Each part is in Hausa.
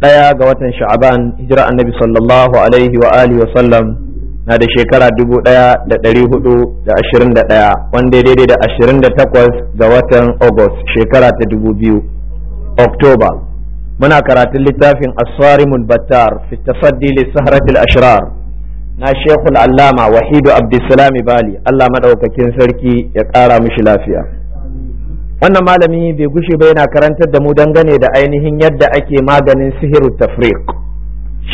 ɗaya ga watan sha'aban hijira annabi sallallahu alaihi wa alihi wa sallam na da shekara dubu ɗaya da ɗari hudu da ashirin da ɗaya wanda daidai da ashirin da takwas ga watan agus shekara ta dubu biyu oktoba muna karatun littafin aswarimul battar fi tasaddi li ashrar na shekul allama wahidu abdulsalami bali allah maɗaukakin sarki ya ƙara mishi lafiya wannan malami bai gushe ba yana karantar da mu dangane da ainihin yadda ake maganin sihiru tafriq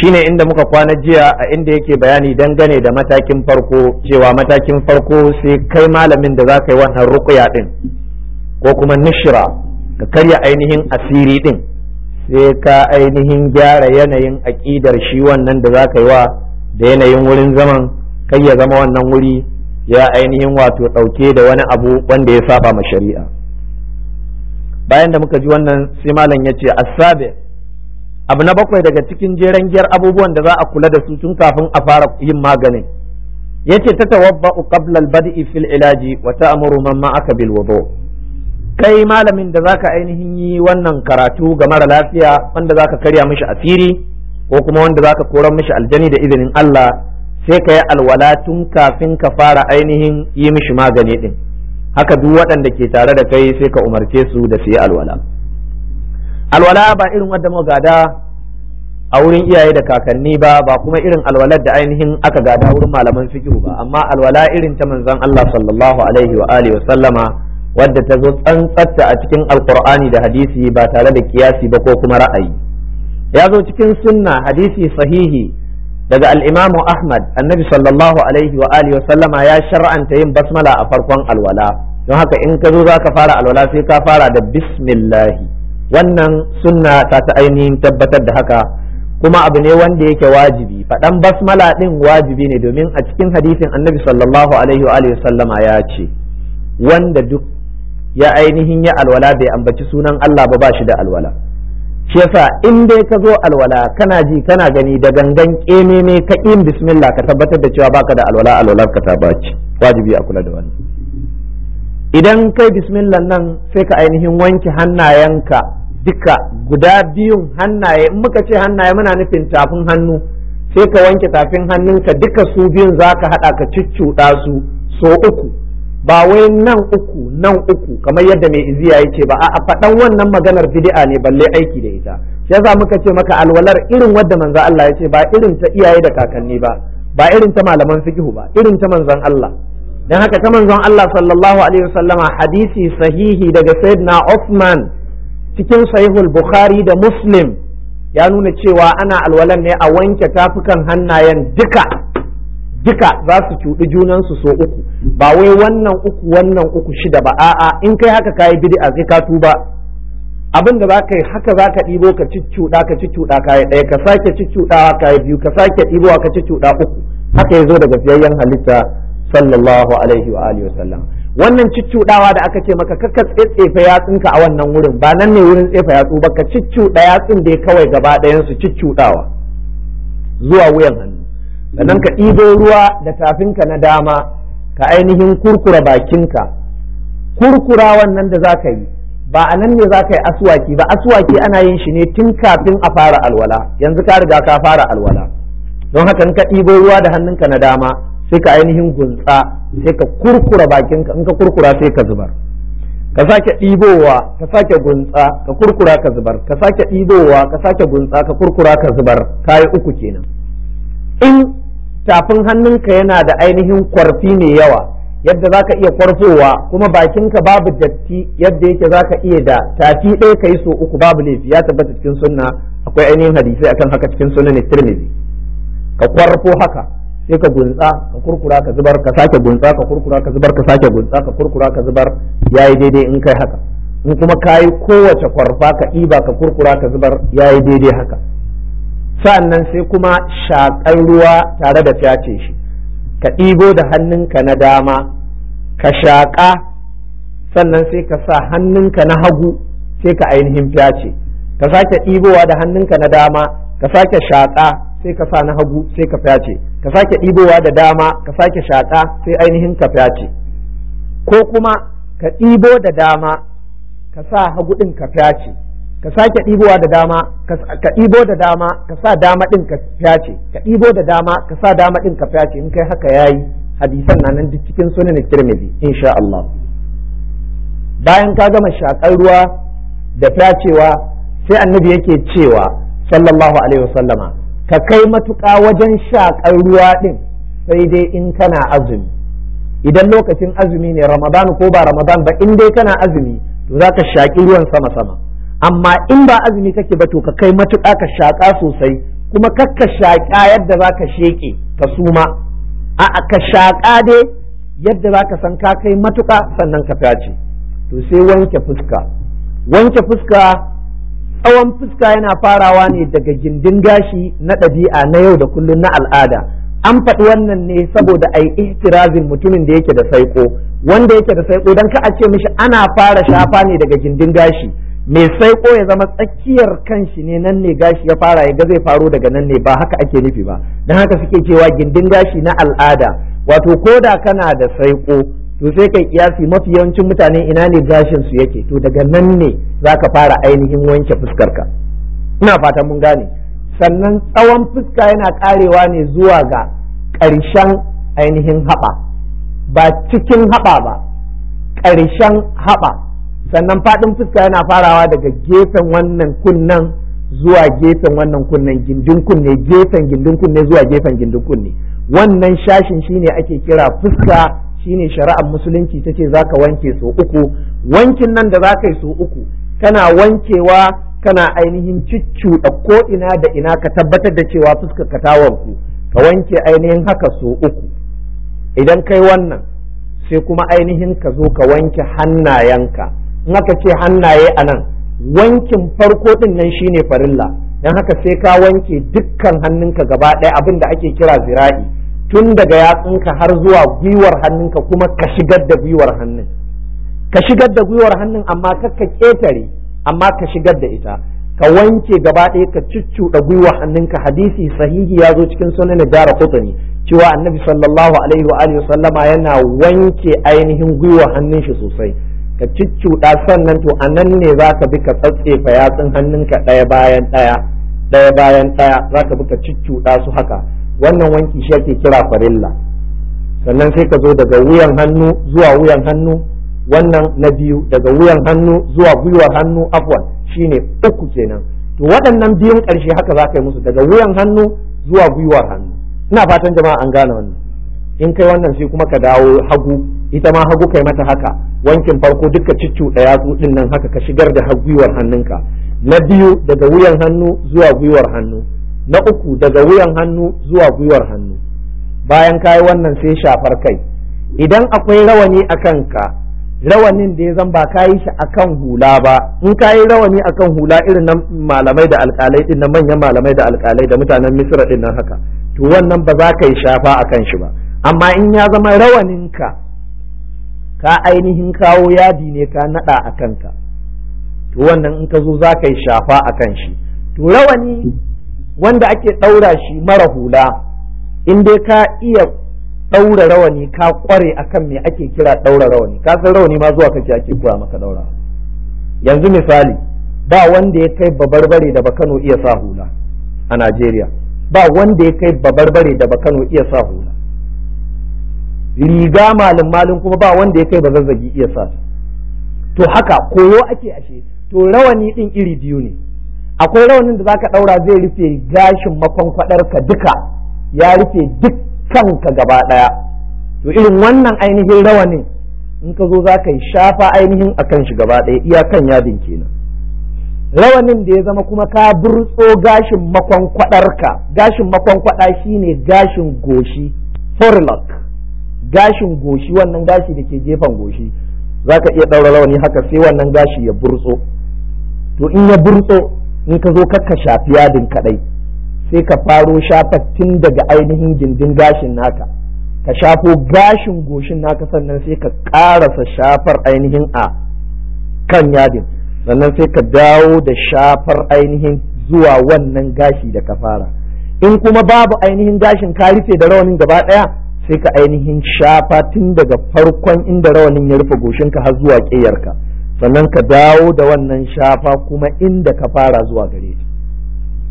shine inda muka kwana jiya a inda yake bayani dangane da matakin farko cewa matakin farko sai kai malamin da za ka yi wannan ruqya ɗin, ko kuma nishra ka karya ainihin asiri ɗin, sai ka ainihin gyara yanayin aƙidar shi wannan da za ka yi wa da yanayin wurin zaman kai ya zama wannan wuri ya ainihin wato ɗauke da wani abu wanda ya saba ma shari'a bayan da muka ji wannan sai malam ya ce asabe abu na bakwai daga cikin jeren giyar abubuwan da za a kula da su tun kafin a fara yin maganin yace tatawabba'u qabla al-bad'i fil ilaji wa ta'muru man ma'aka bil wudu kai malamin da zaka ainihin yi wannan karatu ga mara lafiya wanda zaka karya mishi asiri ko kuma wanda zaka koran mishi aljani da izinin Allah sai ka yi alwala tun kafin ka fara ainihin yi mishi magani din haka duk waɗanda ke tare da kai sai ka umarce su da su yi alwala alwala ba irin wadda mu gada a wurin iyaye da kakanni ba ba kuma irin alwalar da ainihin aka gada wurin malaman fikihu ba amma alwala irin ta manzon Allah sallallahu alaihi wa alihi wa sallama wadda ta zo tsantsatta a cikin alqur'ani da hadisi ba tare da kiyasi ba ko kuma ra'ayi ya zo cikin sunna hadisi sahihi daga al'imamu ahmad annabi sallallahu alaihi wa alihi sallama ya shar'anta yin basmala a farkon alwala don haka in ka zo za ka fara alwala sai ka fara da bismillahi wannan sunna ta ta ainihin tabbatar da haka kuma abu ne wanda yake wajibi faɗan basmala ɗin wajibi ne domin a cikin hadisin annabi sallallahu alaihi wa alihi sallama ya ce wanda duk ya ainihin ya alwala bai ambaci sunan Allah ba ba shi da alwala shi yasa in dai ka zo alwala kana ji kana gani da gangan ƙememe ka yin bismillah ka tabbatar da cewa baka da alwala alwala ka ta baci wajibi a kula da wannan idan kai bismillah nan sai ka ainihin wanke hannayenka duka guda biyun hannaye in muka ce hannaye muna nufin tafin hannu sai ka wanke tafin hannunka duka su biyun zaka hada ka cuccuɗa su so uku ba wai nan uku nan uku kamar yadda mai iziya yake ba a faɗan wannan maganar bid'a ne balle aiki da ita shi yasa muka ce maka alwalar irin wadda manzo Allah ya ce ba irin ta iyaye da kakanni ba ba irin ta malaman fiqh ba irin ta manzon Allah dan haka ta manzon Allah sallallahu alaihi wasallama hadisi sahihi daga sayyidina Uthman cikin sahihul Bukhari da Muslim ya nuna cewa ana alwalan ne a wanke tafukan hannayen duka duka za su cuɗi junansu so uku ba wai wannan uku wannan uku shida ba a'a in kai haka kayi bid'a sai ka tuba abin da zaka yi haka zaka ɗibo ka ciccuɗa ka ciccuɗa kayi ɗaya ka sake ciccuɗawa kayi biyu ka sake ɗibowa ka ciccuɗa uku haka ya zo daga fiyayyen halitta sallallahu alaihi wa alihi wasallam wannan ciccuɗawa da aka ce maka kakka tsetsefe yatsunka a wannan wurin ba nan ne wurin tsefa yatsu ba ka ciccuɗa yatsun da ya kawai gaba ɗayan su ciccuɗawa zuwa wuyan hannu sannan ka ɗibo ruwa da tafinka na dama ka ainihin kurkura bakinka kurkura wannan da za ka yi ba a nan ne za ka yi aswaki ba aswaki ana yin shi ne tun kafin a fara alwala yanzu ka riga ka fara alwala don haka in ka ɗibo ruwa da hannunka na dama sai ka ainihin guntsa sai ka kurkura bakinka in ka kurkura sai ka zubar ka sake ɗibowa ka sake guntsa ka kurkura ka zubar ka sake ɗibowa ka sake guntsa ka kurkura ka zubar kayi uku kenan in tafin hannunka yana da ainihin kwarfi mai yawa yadda zaka iya kwarfowa kuma bakinka babu datti yadda yake zaka iya da tafi ɗaya ka yi so uku babu laifi ya tabbata cikin sunna akwai ainihin hadisai akan haka cikin ne tirmidhi ka kwarfo haka sai ka gunsa ka kurkura ka zubar ka sake gunsa ka kurkura ka zubar ka sake gunsa ka kurkura ka zubar yayi daidai in kai haka in kuma kayi kowace kwarfa ka ɗiba ka kurkura ka zubar yayi daidai haka sa'annan sai kuma shaƙar ruwa tare da fyace shi ka ɗibo da hannunka na dama ka shaƙa sannan sai ka sa hannunka na hagu sai ka ainihin fyace ka sake ɗibowa da hannunka na dama ka sake shaƙa sai ka sa na hagu sai ka fyace ka sake ɗibowa da dama ka sake shaƙa sai ainihin ka fyace ko kuma ka ɗibo da dama ka sa hagu ɗin ka fyace ka sake ɗibowa da dama ka ɗibo da dama ka sa dama ɗin ka fyace ka ɗibo da dama ka sa dama ɗin ka fyace in kai haka yayi hadisan na nan cikin sunan tirmidhi insha Allah bayan ka gama shakar ruwa da fyacewa sai annabi yake cewa sallallahu alaihi wasallama ka kai matuƙa wajen shakar ruwa ɗin sai dai in kana azumi idan lokacin azumi ne ramadan ko ba ramadan ba in dai kana azumi to zaka shaƙi ruwan sama sama amma in ba azumi kake ba to ka kai matuƙa ka shaƙa sosai kuma kakka shaƙa yadda za ka sheƙe ka suma a ka shaƙa dai yadda za ka san ka kai matuƙa sannan ka tace to sai wanke fuska wanke fuska tsawon fuska yana farawa ne daga gindin gashi na ɗabi'a na yau da kullum na al'ada an faɗi wannan ne saboda a yi ihtirazin mutumin da yake da saiko wanda yake da saiko don ka a ce mishi ana fara shafa ne daga gindin gashi mai saiƙo ya zama tsakiyar kanshi ne nan ne gashi ya fara ya ga zai faro daga nan ne ba haka ake nufi ba don haka suke cewa gindin gashi na al'ada wato ko da kana da saiƙo, to sai kai kiyasi mafi yawancin mutane ina ne gashin su yake to daga nan ne ka fara ainihin wanke fuskar ka? ina fatan mun gane sannan tsawon fuska yana karewa ne zuwa ga ƙarshen ainihin haɓa ba cikin haɓa ba ƙarshen haɓa sannan faɗin fuska yana farawa daga gefen wannan kunnen zuwa gefen wannan kunnen gindin kunne gefen gindin kunne zuwa gefen gindin kunne wannan shashin shine ake kira fuska shine shari'ar musulunci tace zaka wanke so uku wankin nan da za ka yi so uku kana wankewa kana ainihin da ko ina da ina ka tabbatar da cewa fuska ka ta wanku ka wanke ainihin haka so uku idan kai wannan sai kuma ainihin ka zo ka wanke hannayenka naka ce hannaye a nan wankin farko din nan shine farilla don haka sai ka wanke dukkan hannunka gaba ɗaya abin da ake kira zira'i tun daga yatsunka har zuwa gwiwar hannunka kuma ka shigar da gwiwar hannun ka shigar da gwiwar hannun amma ka ƙetare amma ka shigar da ita ka wanke gaba ɗaya ka cuccuɗa gwiwar hannunka hadisi sahihi ya zo cikin sunan jara kutani cewa annabi sallallahu alaihi wa alihi sallama yana wanke ainihin gwiwar hannun shi sosai ka ciccuɗa sannan to a nan ne za ka bi ka tsatse yatsun hannunka ɗaya bayan ɗaya ɗaya bayan ɗaya za ka bi ka ciccuɗa su haka wannan wanki shi ake kira farilla sannan sai ka zo daga wuyan hannu zuwa wuyan hannu wannan na biyu daga wuyan hannu zuwa gwiwar hannu afwan shine uku kenan to waɗannan biyun ƙarshe haka za ka yi musu daga wuyan hannu zuwa gwiwar hannu ina fatan jama'a an gane wannan in kai wannan sai kuma ka dawo hagu ita ma hagu kai mata haka wankin farko duka da yatsu din nan haka ka shigar da gwiwar hannunka na biyu daga wuyan hannu zuwa gwiwar hannu na uku daga wuyan hannu zuwa gwiwar hannu bayan kayi wannan sai shafar kai idan akwai rawani a kanka rawanin da ya zan ba ka yi shi akan hula ba in ka yi rawani akan hula irin na malamai da alkalai din na manyan malamai da alkalai da mutanen misira din nan haka to wannan ba za ka yi shafa akan shi ba amma in ya zama rawaninka ka ainihin kawo yadi ne ka naɗa a kanka to wannan in ka zo za ka yi shafa a kan shi to rawani wanda ake ɗaura shi mara hula in dai ka iya ɗaura rawani ka ƙware akan me ake kira ɗaura rawani ka san rawani ma zuwa kake ake kura maka ɗaura yanzu misali ba wanda ya kai babarbare da bakano iya sa hula a Najeriya ba wanda ya kai babarbare da bakano iya sa hula riga malin malin kuma ba wanda ya kai ba zazzagi iya sa to haka koyo ake ashe to rawani din iri biyu ne akwai rawanin da zaka daura zai rufe gashin makonkwadar ka duka ya rufe dukkan ka gaba daya to irin wannan ainihin rawanin in ka zo zaka yi shafa ainihin akan shi gaba daya iyakan yadin kenan rawanin da ya zama kuma ka burtso gashin makonkwadar ka gashin makonkwada shine gashin goshi forelock gashin goshi wannan gashi da ke gefen goshi za ka iya ɗaura rawani haka sai wannan gashi ya burtso to in ya burtso in ka zo kakka shafi yadin kaɗai sai ka faro shafa tun daga ainihin gindin gashin naka ka shafo gashin goshin naka sannan sai ka ƙarasa shafar ainihin a kan yadin sannan sai ka dawo da shafar ainihin zuwa wannan gashi da ka fara in kuma babu ainihin gashin ka rufe da rawanin gaba ɗaya sai ka ainihin shafa tun daga farkon inda rawanin ya rufe goshinka har zuwa ƙiyarka sannan ka dawo da wannan shafa kuma inda ka fara zuwa gare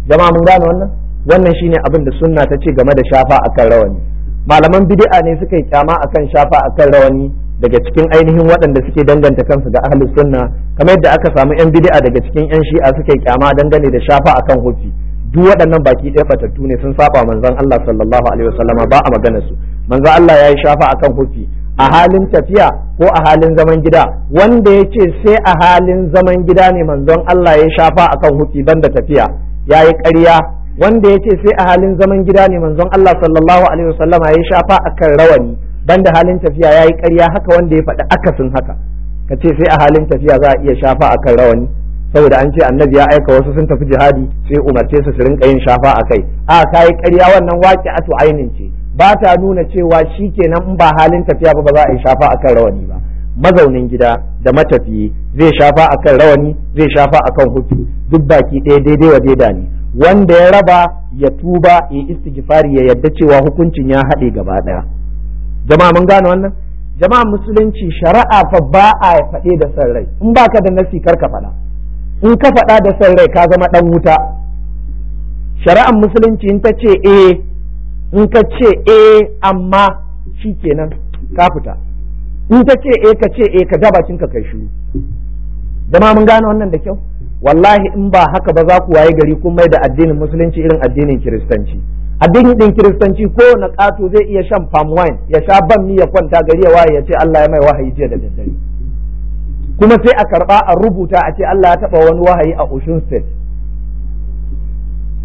ta jama'a mun gane wannan wannan shine abin da sunna ta ce game da shafa akan rawani malaman bid'a ne suka yi kyama akan shafa akan rawani daga cikin ainihin waɗanda suke danganta kansu ga ahlus sunna kamar yadda aka samu yan bid'a daga cikin yan shi'a suka yi kyama dangane da shafa akan hufi duk waɗannan baki ɗaya fatattu ne sun saba manzon Allah sallallahu alaihi wasallama ba a magana su manzo Allah ya yi shafa akan hufi a halin tafiya ko a halin zaman gida wanda ya ce sai a halin zaman gida ne manzon Allah ya shafa akan hufi banda tafiya ya yi ƙarya wanda ya ce sai a halin zaman gida ne manzon Allah sallallahu alaihi wasallama ya shafa akan rawani banda halin tafiya ya yi ƙarya haka wanda ya faɗi akasin haka ka ce sai a halin tafiya za a iya shafa akan rawani saboda an ce annabi ya aika wasu sun tafi jihadi sai umarce su su rinka yin shafa a kai a kayi ƙarya wannan waƙi atu ainin ce ba ta nuna cewa shi kenan in ba halin tafiya ba ba za a yi shafa akan rawani ba mazaunin gida da matafiyi zai shafa akan rawani zai shafa akan hutu duk baki ɗaya daidai wa daida ne wanda ya raba ya tuba ya istighfari ya yadda cewa hukuncin ya haɗe gaba ɗaya jama'a mun gane wannan jama'a musulunci shari'a fa ba a faɗe da san rai in baka da nasi kar ka faɗa in ka faɗa da san rai ka zama ɗan wuta shari'ar musulunci in ta ce eh in ka ce e amma shi kenan ka fita in ka ce e ka ce e ka bakin ka kai shiru dama mun gane wannan da kyau wallahi in ba haka ba za ku waye gari kun mai da addinin musulunci irin addinin kiristanci addinin din kiristanci ko na kato zai iya shan palm wine ya sha ban mi ya kwanta gari ya waye ya ce Allah ya mai wahayi jiya da daddare kuma sai a karba a rubuta a ce Allah ya taba wani wahayi a Ocean State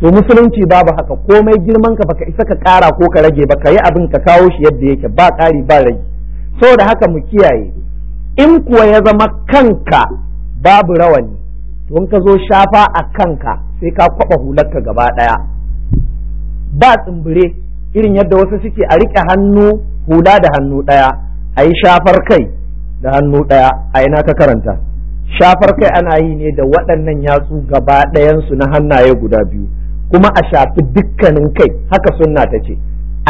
to musulunci babu haka komai girman ka baka isa ka ƙara ko ka rage ba ka yi abin ka kawo shi yadda yake ba ƙari ba rage saboda haka mu kiyaye in kuwa ya zama kanka babu rawani to in ka zo shafa a kanka sai ka kwaba ka gaba ɗaya ba tsimbire irin yadda wasu suke a rike hannu hula da hannu ɗaya a yi shafar kai da hannu ɗaya a ina ka karanta shafar kai ana yi ne da waɗannan yatsu gaba ɗayansu na hannaye guda biyu kuma a shafi dukkanin kai haka sunna ta ce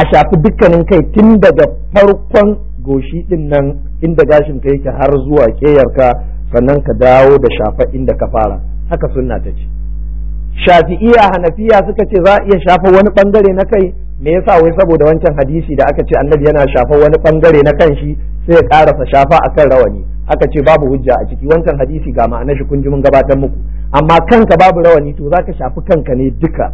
a shafi dukkanin kai tun daga farkon goshi din nan inda gashin ka yake har zuwa keyarka sannan ka dawo da shafa inda ka fara haka sunna ta ce shafi'iya hanafiya suka ce za a iya shafa wani bangare na kai me yasa wai saboda wancan hadisi da aka ce annabi yana shafa wani bangare na kanshi, sai ya karasa shafa akan rawani aka ce babu hujja a ciki wancan hadisi ga ma'anar shi kun ji mun gabatar muku amma kanka babu rawani to zaka shafi kanka ne duka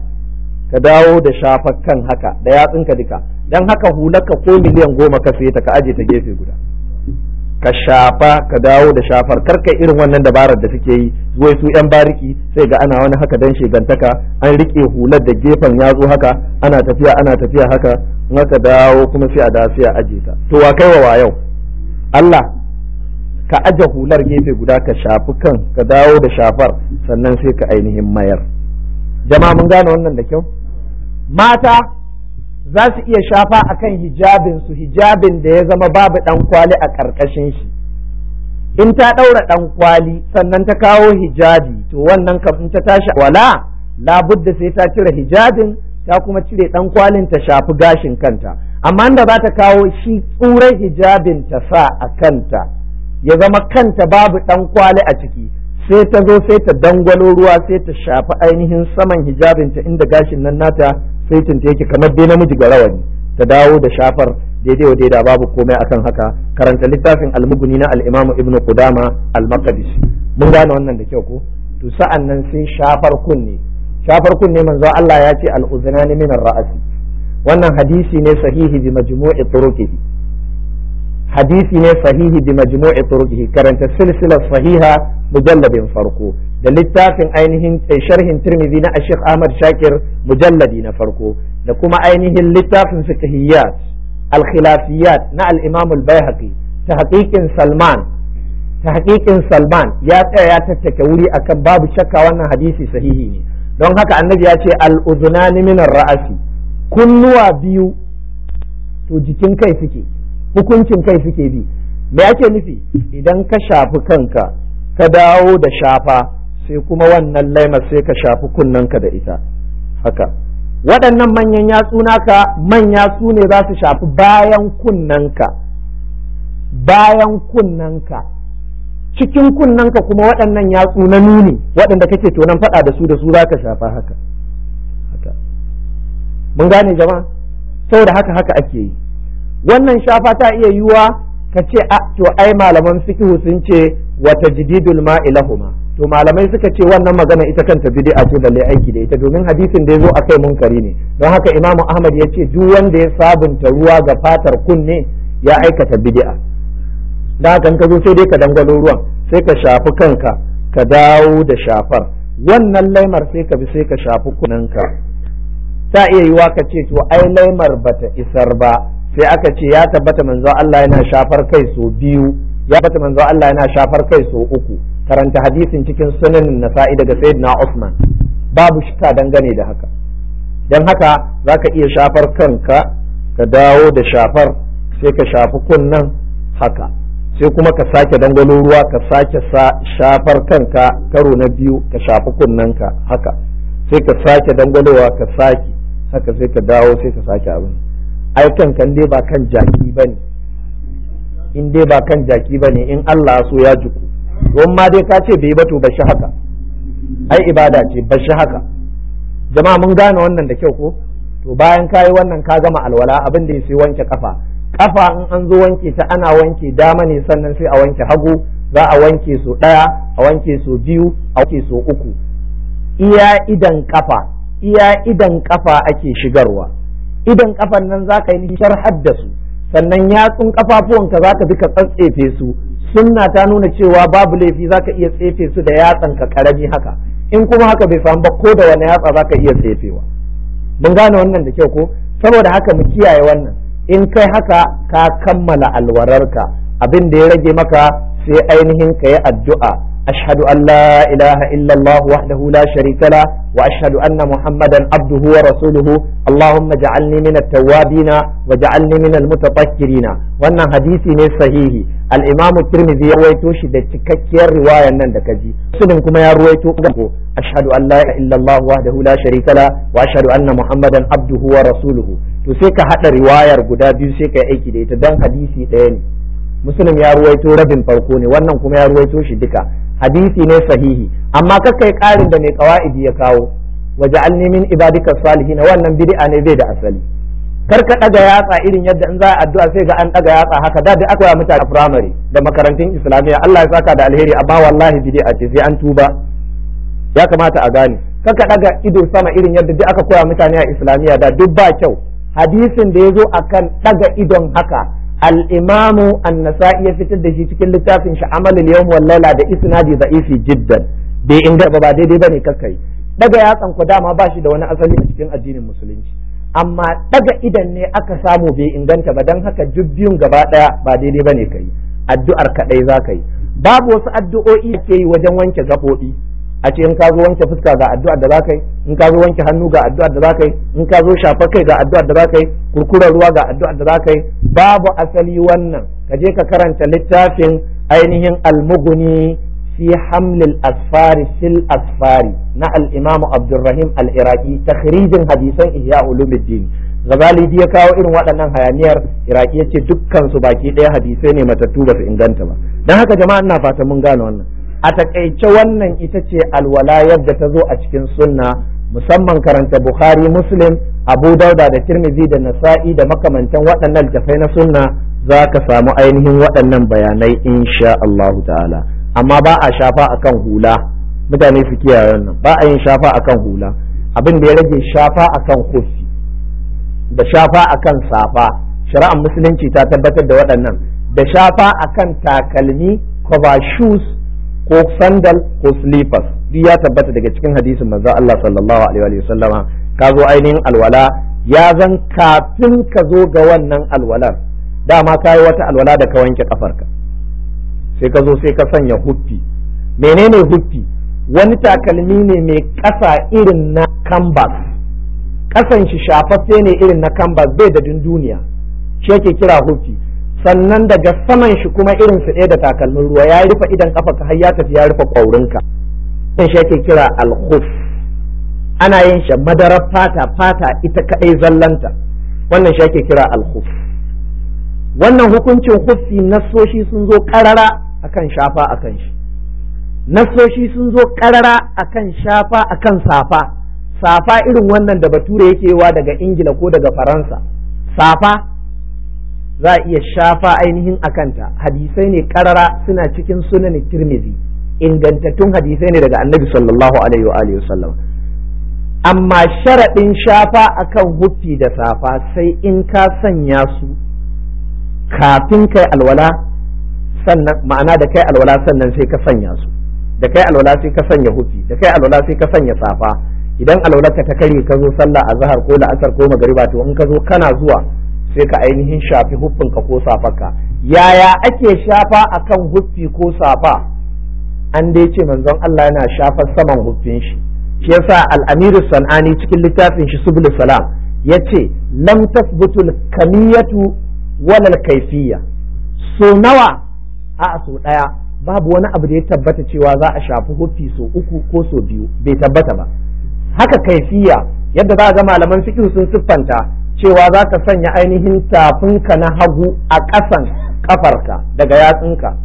ka dawo da shafar kan haka da yatsunka duka dan haka hularka ko miliyan goma ka saye ta ka aje ta gefe guda ka shafa ka dawo da shafar karka irin wannan dabarar da suke yi zuwa su yan bariki sai ga ana wani haka dan shegantaka an rike hular da gefen yatsu haka ana tafiya ana tafiya haka in aka dawo kuma sai a da sai a aje ta to wa kai wa yau Allah ka aje hular gefe guda ka shafi kan ka dawo da shafar sannan sai ka ainihin mayar jama'a mun gane wannan da kyau mata za su iya shafa akan hijabin su hijabin da ya zama babu dan kwali a karkashin shi in ta ɗaura dan kwali sannan ta kawo hijabi to wannan in ta tashi wala labudda sai ta cire hijabin ta kuma cire dan kwalin ta shafi gashin kanta amma inda za ta kawo shi tsurar hijabin ta sa a kanta ya zama kanta babu ɗan kwali a ciki sai ta zo sai ta dangwalo ruwa sai ta shafi ainihin saman hijabinta inda gashin nan nata sai tunta yake kamar dai namiji ga rawani ta dawo da shafar daidai wa daidai babu komai akan haka karanta littafin almuguni na al'imamu ibnu kudama al mun gane wannan da kyau ko to sa'an nan sai shafar kunne shafar kunne manzo Allah ya ce al-uzunani min ar wannan hadisi ne sahihi bi majmu'i turuqihi hadisi ne sahihi bi majmu'i turuqihi karanta silsilar sahiha mujalladin farko da littafin ainihin eh, sharhin tirmidhi na Sheikh Ahmad Shakir mujalladi na farko da kuma ainihin littafin fiqhiyat al na al-Imam al-Baihaqi tahqiqin Salman tahqiqin Salman ya tsaya ya tattake wuri akan babu shakka wannan hadisi sahihi ne don haka annabi ya ce al ra'asi min kunnuwa biyu to jikin kai suke hukuncin kai suke bi me ake nufi idan ka shafi kanka ka dawo da shafa sai kuma wannan laima sai ka shafi kunnanka da ita haka waɗannan manyan yatsu naka manya su ne za su shafi bayan kunnanka bayan kunnanka cikin kunnanka kuma waɗannan yatsu na nuni waɗanda kake tonan faɗa da su da su za ka shafa haka mun gane jama'a da haka haka ake yi wannan shafa ta iya yiwa ka ce a ah, to ai malaman fiqh sun ce wata jididul ma'ilahuma, to malamai suka ce wannan magana ita kanta bid'a ce balle aiki da ita domin hadisin da ya yazo akai munkari ne don haka imamu ahmad ya ce duk wanda ya sabunta ruwa ga fatar kunne ya aikata bid'a da haka ka zo sai dai ka dangwalo ruwan sai ka shafi kanka ka dawo da shafar wannan laimar sai ka bi sai ka shafi kunanka ta iya yiwa ka ce to ai laimar bata isar ba sai aka ce ya tabbata manzo Allah yana shafar kai so biyu ya tabbata manzo Allah yana shafar kai so uku karanta hadisin cikin sunanin nasa'i daga sayyidina Usman babu shika dangane da haka don haka zaka iya shafar kanka ka dawo da shafar sai ka shafi kunnan haka sai kuma ka sake dangalo ruwa ka sake sa shafar kanka karo na biyu ka shafi kunnanka haka sai ka sake dangalowa ka sake haka sai ka dawo sai ka sake abin ai kan kan dai ba kan jaki bane in dai ba kan jaki bane in Allah so ya juku don ma dai ka ce bai ba to bashi haka ai ibada ce bashi haka jama'a mun gane wannan da kyau ko to bayan kayi wannan ka gama alwala abin da sai wanke kafa kafa in an zo wanke ta ana wanke dama ne sannan sai a wanke hagu za a wanke so ɗaya a wanke so biyu a wanke so uku iya idan kafa iya idan kafa ake shigarwa idan kafan nan za ka yi ni sharhar da su sannan yatsun kafafuwanka za ka bi ka tsantsefe su sunna ta nuna cewa babu laifi za ka iya tsefe su da yatsan ka karami haka in kuma haka bai faru ba ko da wani yatsa za ka iya tsefewa mun gane wannan da kyau ko saboda haka mu kiyaye wannan in kai haka ka kammala alwararka abin da ya rage maka sai ainihin ka yi addu'a أشهد أن لا إله إلا الله وحده لا شريك له وأشهد أن محمدا عبده ورسوله اللهم اجعلني من التوابين واجعلني من المتطهرين وأن حديثي صحيح الإمام الترمذي رويته شدة تككير رواية نندكجي مسلم كما يرويته أشهد أن لا إله إلا الله وحده لا شريك له وأشهد أن محمدا عبده ورسوله to sai ka haɗa riwayar guda biyu sai ka aiki da ita don hadisi ɗaya ne musulun ya ruwaito rabin farko ne wannan kuma ya ruwaito shi duka hadisi ne sahihi amma kakai karin da mai kawa'idi ya kawo waja'alni min ibadika salihin wannan bid'a ne bai da asali kar ka daga yatsa irin yadda in za a addu'a sai ga an daga yatsa haka da duk akwai mutane primary da makarantun islamiyya Allah ya saka da alheri amma wallahi bid'a ce sai an tuba ya kamata a gane ka daga ido sama irin yadda duk aka koya mutane a islamiyya da duk ba kyau hadisin da ya zo akan daga idon haka al-imamu an-nasa'i ya fitar da shi cikin littafin shi al yawm wal laila da isnadi da'ifi jiddan bai inda ba daidai bane kakkai daga yatsan ku dama ba shi da wani asali a cikin addinin musulunci amma daga idan ne aka samu bai inganta ba dan haka jubbiyun gaba daya ba daidai bane kai addu'ar kadai za ka yi babu wasu addu'o'i da ke yi wajen wanke gaɓoɓi a ce in ka zo wanke fuska ga addu'ar da zaka yi in ka zo wanke hannu ga addu'ar da zaka yi in ka zo shafar kai ga addu'ar da zaka yi kurkurar ruwa ga addu'ar da zaka yi babu asali wannan ka je ka karanta littafin ainihin almuguni fi hamlil asfari fil asfari na al-imam abdurrahim al-iraqi takhrijin hadisan ihya ulumuddin zabalidi ya kawo irin waɗannan hayaniyar iraki ya ce dukkan su baki ɗaya hadisai ne matattu ba su inganta ba don haka jama'a ina fata mun gane wannan a takaice wannan ita ce alwala yadda ta zo a cikin sunna musamman karanta bukhari muslim abu dauda da tirmidhi da nasa'i da makamantan waɗannan littafai na sunna za ka samu ainihin waɗannan bayanai insha Allahu ta'ala amma ba a shafa akan hula mutane su kiyaye wannan ba a yin shafa akan hula abin da ya rage shafa akan kofi da shafa akan safa shari'ar musulunci ta tabbatar da waɗannan da shafa akan takalmi cover shoes ko sandal ko slippers duk ya tabbata daga cikin hadisin manzo Allah sallallahu alaihi wa sallama ka zo ainihin alwala ya zan kafin ka zo ga wannan alwalar dama ka yi wata alwala da ka wanke kafarka sai ka zo sai ka sanya huffi menene huffi wani takalmi ne mai kasa irin na canvas kasan shi shafaffe ne irin na canvas bai da dunduniya shi yake kira huffi sannan daga saman shi kuma irin su ɗaya da takalmin ruwa ya rufe idan kafa ka har ya tafi ya rufe ƙwaurinka kan shi ake kira alkhuf ana yin shi madarar fata fata ita kaɗai zallanta wannan shi ake kira alkhuf wannan hukuncin hufi nasoshi sun zo karara akan shafa akan shi nasoshi sun zo karara akan shafa akan safa safa irin wannan da bature yake wa daga ingila ko daga faransa safa za a iya shafa ainihin a kanta. hadisai ne karara suna cikin sunan tirmidhi ingantattun hadisai ne daga annabi sallallahu alaihi wa alihi wasallam amma sharaɗin shafa akan huffi da safa sai in ka sanya su kafin kai alwala sannan ma'ana da kai alwala sannan sai ka sanya su da kai alwala sai ka sanya huffi da kai alwala sai ka sanya safa idan alwalarka ta kare ka zo sallah azhar ko la'asar ko magariba to in ka zo kana zuwa sai ka ainihin shafi huffinka ko safarka yaya ake shafa akan huffi ko safa an dai ce manzon Allah yana shafar saman huffin shi shi yasa al-Amiru Sanani cikin littafin shi Subul Salam yace lam tasbutul kamiyatu wal kaifiyya so nawa a so daya babu wani abu da ya tabbata cewa za a shafi huffi so uku ko so biyu bai tabbata ba haka kaifiyya yadda za a ga malaman fiqh sun siffanta cewa za ka sanya ainihin tafinka na hagu a ƙasan ƙafarka daga yatsunka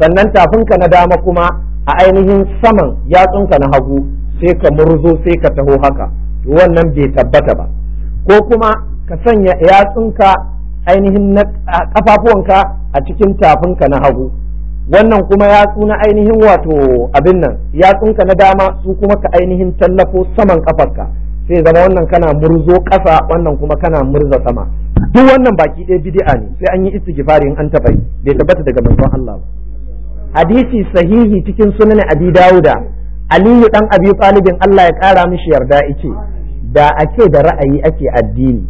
sannan tafinka na dama kuma a ainihin saman yatsunka na hagu sai ka murzo sai ka taho haka wannan bai tabbata ba ko kuma ka sanya yatsunka ainihin na ƙafafuwanka a cikin tafinka na hagu wannan kuma yatsu na ainihin wato abin nan yatsunka na dama su kuma ka ainihin tallafo saman ƙafarka sai zama wannan kana murzo ƙasa wannan kuma kana murza sama duk wannan baki ɗaya bid'a ne sai an yi istighfari in an taɓa yi bai tabbata daga manzon Allah ba hadisi sahihi cikin sunan abi dauda aliyu dan abi talibin Allah ya ƙara mishi yarda ice da ake da ra'ayi ake addini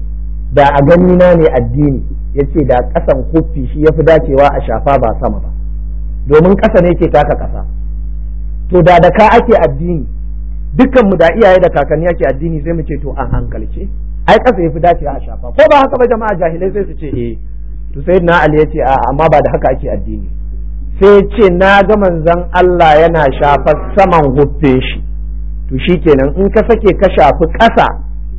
da a gani na ne addini yace da ƙasan kofi shi yafi dacewa a shafa ba sama ba domin ƙasa ne ke taka ƙasa to da da ka ake addini dukkanmu da iyaye da kakanni ake addini sai mu ce to an hankalce ai kasa yafi dace a shafa ko ba haka ba jama'a jahilai sai su ce eh to sayyidina ali yace a amma ba da haka ake addini sai ce na ga manzon Allah yana shafar saman guffe shi to shikenan in ka sake ka shafi kasa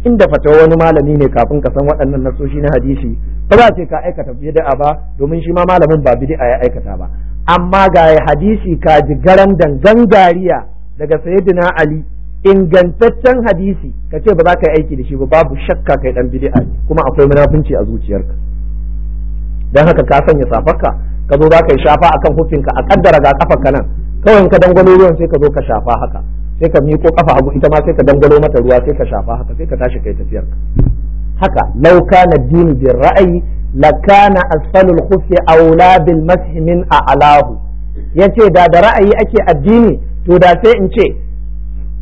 inda fata wani malami ne kafin ka san waɗannan nasoshi na hadisi ba za ce ka aikata bid'a ba domin shi ma malamin ba bid'a ya aikata ba amma ga hadisi ka ji garan dangan gariya daga sayyidina ali ingantaccen hadisi ka ce ba za ka yi aiki da shi ba babu shakka kai dan bid'a ne kuma akwai munafunci a zuciyarka dan haka ka sanya safarka ka zo za ka yi shafa akan hufinka a kaddara ga kafarka nan kawai ka dangwalo ruwan sai ka zo ka shafa haka sai ka miƙo kafa hagu ita ma sai ka dangwalo mata ruwa sai ka shafa haka sai ka tashi kai tafiyarka haka law kana dinu bi ra'ayi lakana asfalul khuffi aula bil mashi min a'lahu yace da da ra'ayi ake addini to da sai in ce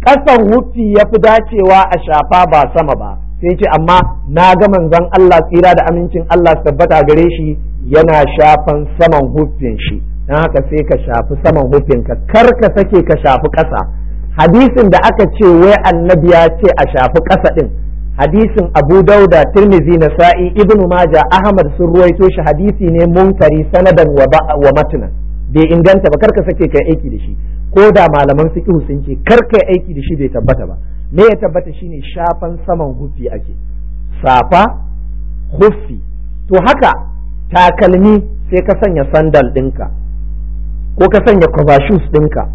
ƙasan hutu ya fi dacewa a shafa ba sama ba sai ce amma na ga manzon Allah tsira da amincin Allah su tabbata gare shi yana shafan saman hufin shi don haka sai ka shafi saman hufin ka kar ka sake ka shafi ƙasa hadisin da aka ce wai annabi ya ce a shafi ƙasa ɗin hadisin abu dauda tirmizi Sa'i Ibn maja ahmad sun ruwaito shi hadisi ne munkari sanadan wa matnan bai inganta ba kar ka sake kai aiki da shi ko da malaman kihu sun ce kar kai aiki da shi bai tabbata ba me ya tabbata shine shafan saman hufi ake safa hufi to haka takalmi sai ka sanya sandal ɗinka ko ka sanya cover shoes ɗinka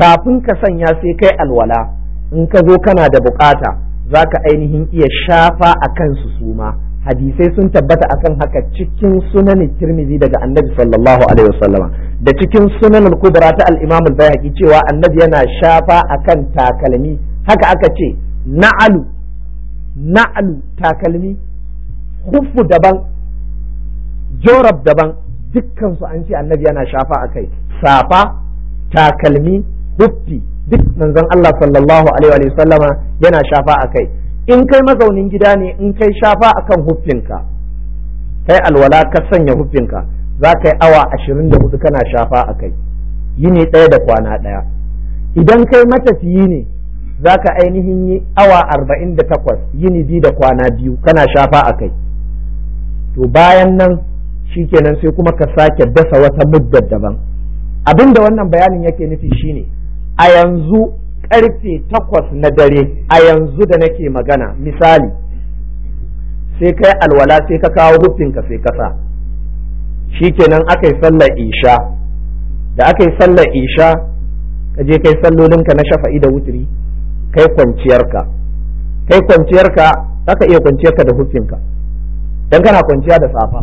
kafin ka sanya sai kai alwala in ka zo kana da bukata za ka ainihin iya shafa a kansu suma hadisai sun tabbata akan haka cikin sunan tirmizi daga annabi sallallahu alaihi wasallama da cikin sunan al ta al-imam al-bayhaqi cewa annabi yana shafa akan takalmi haka aka ce na'alu na'alu takalmi hufu daban jorab daban dukkan su an ce annabi yana shafa akai safa takalmi huffi duk manzon Allah sallallahu alaihi wasallama yana shafa akai in kai mazaunin gida ne in kai shafa akan hufinka, kai alwala ka sanya hufinka, za ka yi awa ashirin da hudu kana shafa a kai yini ɗaya da kwana ɗaya idan kai matafiyi ne za ka ainihin yi awa arba'in da takwas yini biyu da kwana biyu kana shafa a kai to bayan nan shi kenan sai kuma ka sake dasa wata muddar daban Abinda wannan bayanin yake nufi shine a yanzu karfe takwas na dare a yanzu da nake magana misali sai kai alwala sai ka kawo hufinka sai kasa shikenan aka yi sallar isha da aka yi sallar isha ka je kai sallolinka na shafa'i da wuturi kai kwanciyarka kai kwanciyarka aka iya kwanciyarka da hufinka dan kana kwanciya da safa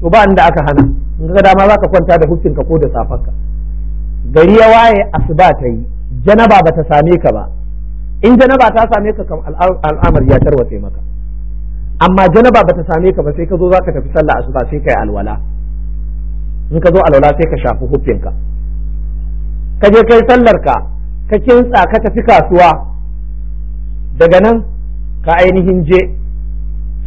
to ba inda aka hana in ga dama ka kwanta da hufinka ko da safarka gari ya waye asuba ta yi janaba ba ta same ka ba in janaba ta same ka kam al'amar ya tarwatse maka amma janaba ba ta same ka ba sai ka zo za ka tafi sallah asuba sai ka yi alwala in ka zo alwala sai ka shafi hufinka ka je kai sallar ka ka kintsa ka tafi kasuwa daga nan ka ainihin je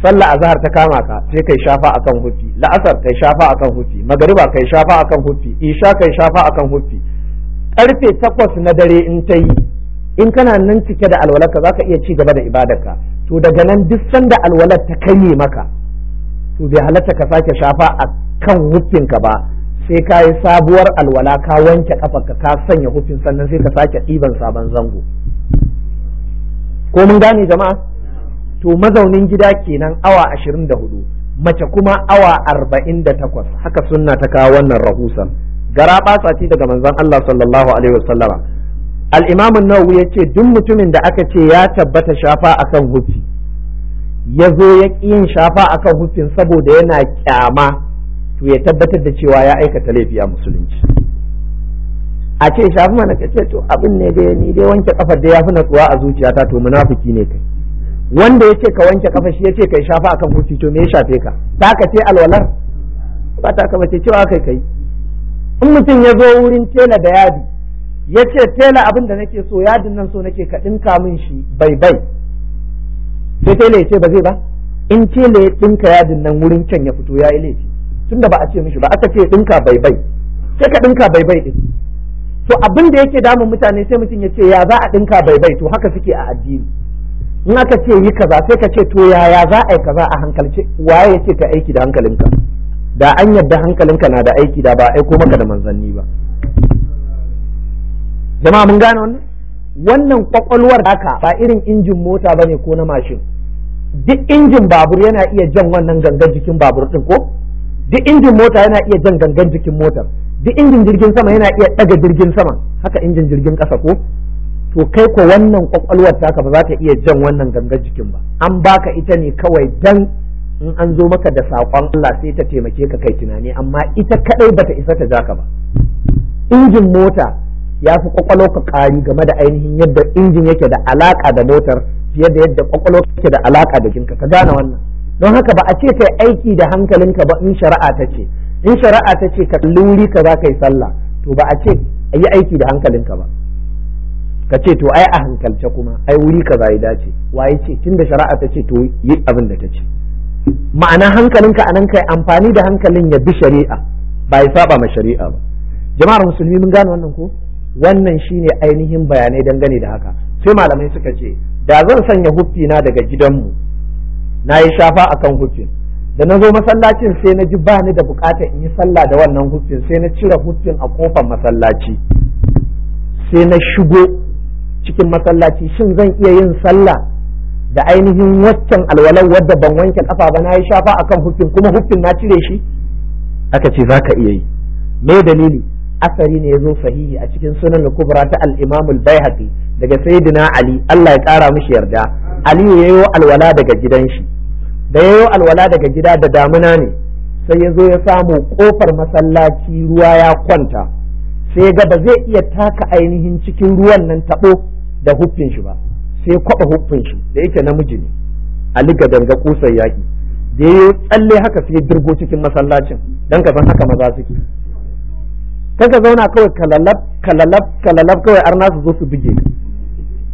sallah azhar ta kama ka sai kai shafa akan hufi la'asar kai shafa akan hufi magariba kai shafa akan hufi isha kai shafa akan hufi karfe takwas na dare in ta yi in kana nan cike da alwalarka za ka iya ci gaba da ibadarka to daga nan duk sanda alwalar ta kai ne maka to bai halatta ka sake shafa a kan hufinka ba sai ka yi sabuwar alwala ka wanke kafarka ka sanya hufin sannan sai ka sake ɗiban sabon zango ko mun gane jama'a to mazaunin gida kenan awa ashirin da hudu mace kuma awa arba'in da takwas haka sunna ta kawo wannan rahusan gara ɓasa ce daga manzon Allah sallallahu alaihi wasallama al-imam an-nawawi yace duk mutumin da aka ce ya tabbata shafa akan hufi ya zo ya yin shafa akan hufin saboda yana kyama to ya tabbatar da cewa ya aikata laifi a musulunci a ce shafi mana ka ce to abin ne dai ni dai wanke kafar da ya fi natsuwa a zuciyata to munafiki ne kai wanda yace ka wanke kafa shi yace kai shafa akan hufi to me ya shafe ka ta ka ce alwalar ba ta ka bace cewa kai kai in mutum ya zo wurin tela da yadi ya ce tela abin da nake so yadin nan so nake ka ɗinka min shi bai bai sai tela ya ce ba zai ba in tela ya ɗinka yadin nan wurin can ya fito ya yi laifi tunda ba a ce mishi ba aka ce ɗinka bai bai sai ka ɗinka bai bai ɗin to abin da yake damun mutane sai mutum ya ce ya za a ɗinka bai bai to haka suke a addini in aka ce yi kaza sai ka ce to yaya za a yi kaza a hankalce waye ya ce ka aiki da hankalinka da an yadda hankalinka na da aiki da ba a aiko maka da manzanni ba jama'a mun gane wannan wannan kwakwalwar haka ba irin injin mota bane ko na mashin duk injin babur yana iya jan wannan gangan jikin babur din ko duk injin mota yana iya jan gangan jikin motar duk injin jirgin sama yana iya ɗaga jirgin sama haka injin jirgin ƙasa ko to kai ko wannan kwakwalwar taka ba za ta iya jan wannan gangan jikin ba an baka ita ne kawai dan in an zo maka da saƙon Allah sai ta taimake ka kai tunani amma ita kadai bata isa ta zaka ba injin mota ya fi kwakwalo ka ƙari game da ainihin yadda injin yake da alaƙa da motar fiye da yadda kwakwalo yake da alaƙa da jinka ka gane wannan don haka ba a ce kai aiki da hankalinka ba in shari'a ta ce in shari'a ta ce ka luri ka za ka yi sallah to ba a ce a yi aiki da hankalinka ba ka ce to ai a hankalce kuma ai wuri kaza yi dace waye ce tunda shari'a ta ce to yi abin da ta ce ma'ana hankalinka nan kai amfani da hankalin ya bi shari'a ba ya saba ma shari'a ba jama'ar musulmi mun gane wannan ko wannan shine ainihin bayanai dangane da haka sai malamai suka ce da zan sanya huffi na daga gidanmu na yi shafa akan huffin da na zo masallacin sai na ji ba ni da bukatar in yi sallah da wannan huffin sai na cire huffin a kofar masallaci sai na shigo cikin masallaci shin zan iya yin sallah da ainihin waccan alwalar wadda ban wanke kafa ba na yi shafa akan hufin kuma hufin na cire shi aka ce za ka iya yi me dalili asari ne ya zo sahihi a cikin sunan kubra ta al-imam al-baihaqi daga sayyidina ali Allah ya kara mishi yarda ali yayo alwala daga gidan shi da yayo alwala daga gida da damuna ne sai ya zo ya samu kofar masallaci ruwa ya kwanta sai ga ba zai iya taka ainihin cikin ruwan nan taɓo da hufin shi ba sai kwaba hukun shi da yake namiji ne liga danga kusan yaki da ya tsalle haka sai dirgo cikin masallacin dan ka san haka maza suke kan ka zauna kawai kalalab kalalab kalalab kawai arna su zo su buge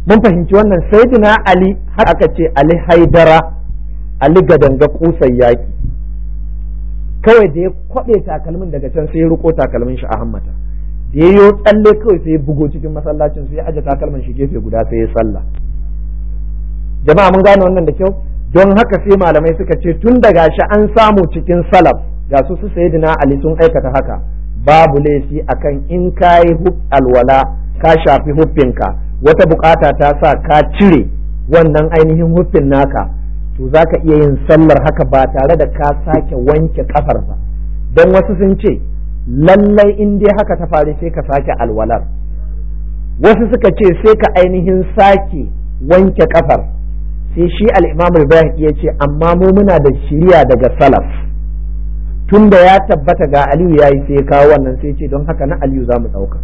mun fahimci wannan sayyidina ali har aka ce ali haidara ali gadanga kusan yaki kawai da ya kwabe takalmin daga can sai ya ruko takalmin shi a hammata da ya yi tsalle kawai sai ya bugo cikin masallacin sai ya aje takalmin shi gefe guda sai ya sallah jama'a mun gane wannan da kyau don haka sai malamai suka ce tun da gashi an samu cikin salaf ga su su sayyidina ali sun aikata haka babu laifi akan in kayi hub alwala ka shafi huffinka wata bukata ta sa ka cire wannan ainihin huffin naka to za ka iya yin sallar haka ba tare da ka sake wanke kafar ba don wasu sun ce lallai in dai haka ta faru sai ka sake alwalar wasu suka ce sai ka ainihin sake wanke kafar sai shi al-imam ya ce amma mu muna da shiriya daga salaf tunda ya tabbata ga aliyu ya yi sai kawo wannan sai ce don haka na aliyu za mu dauka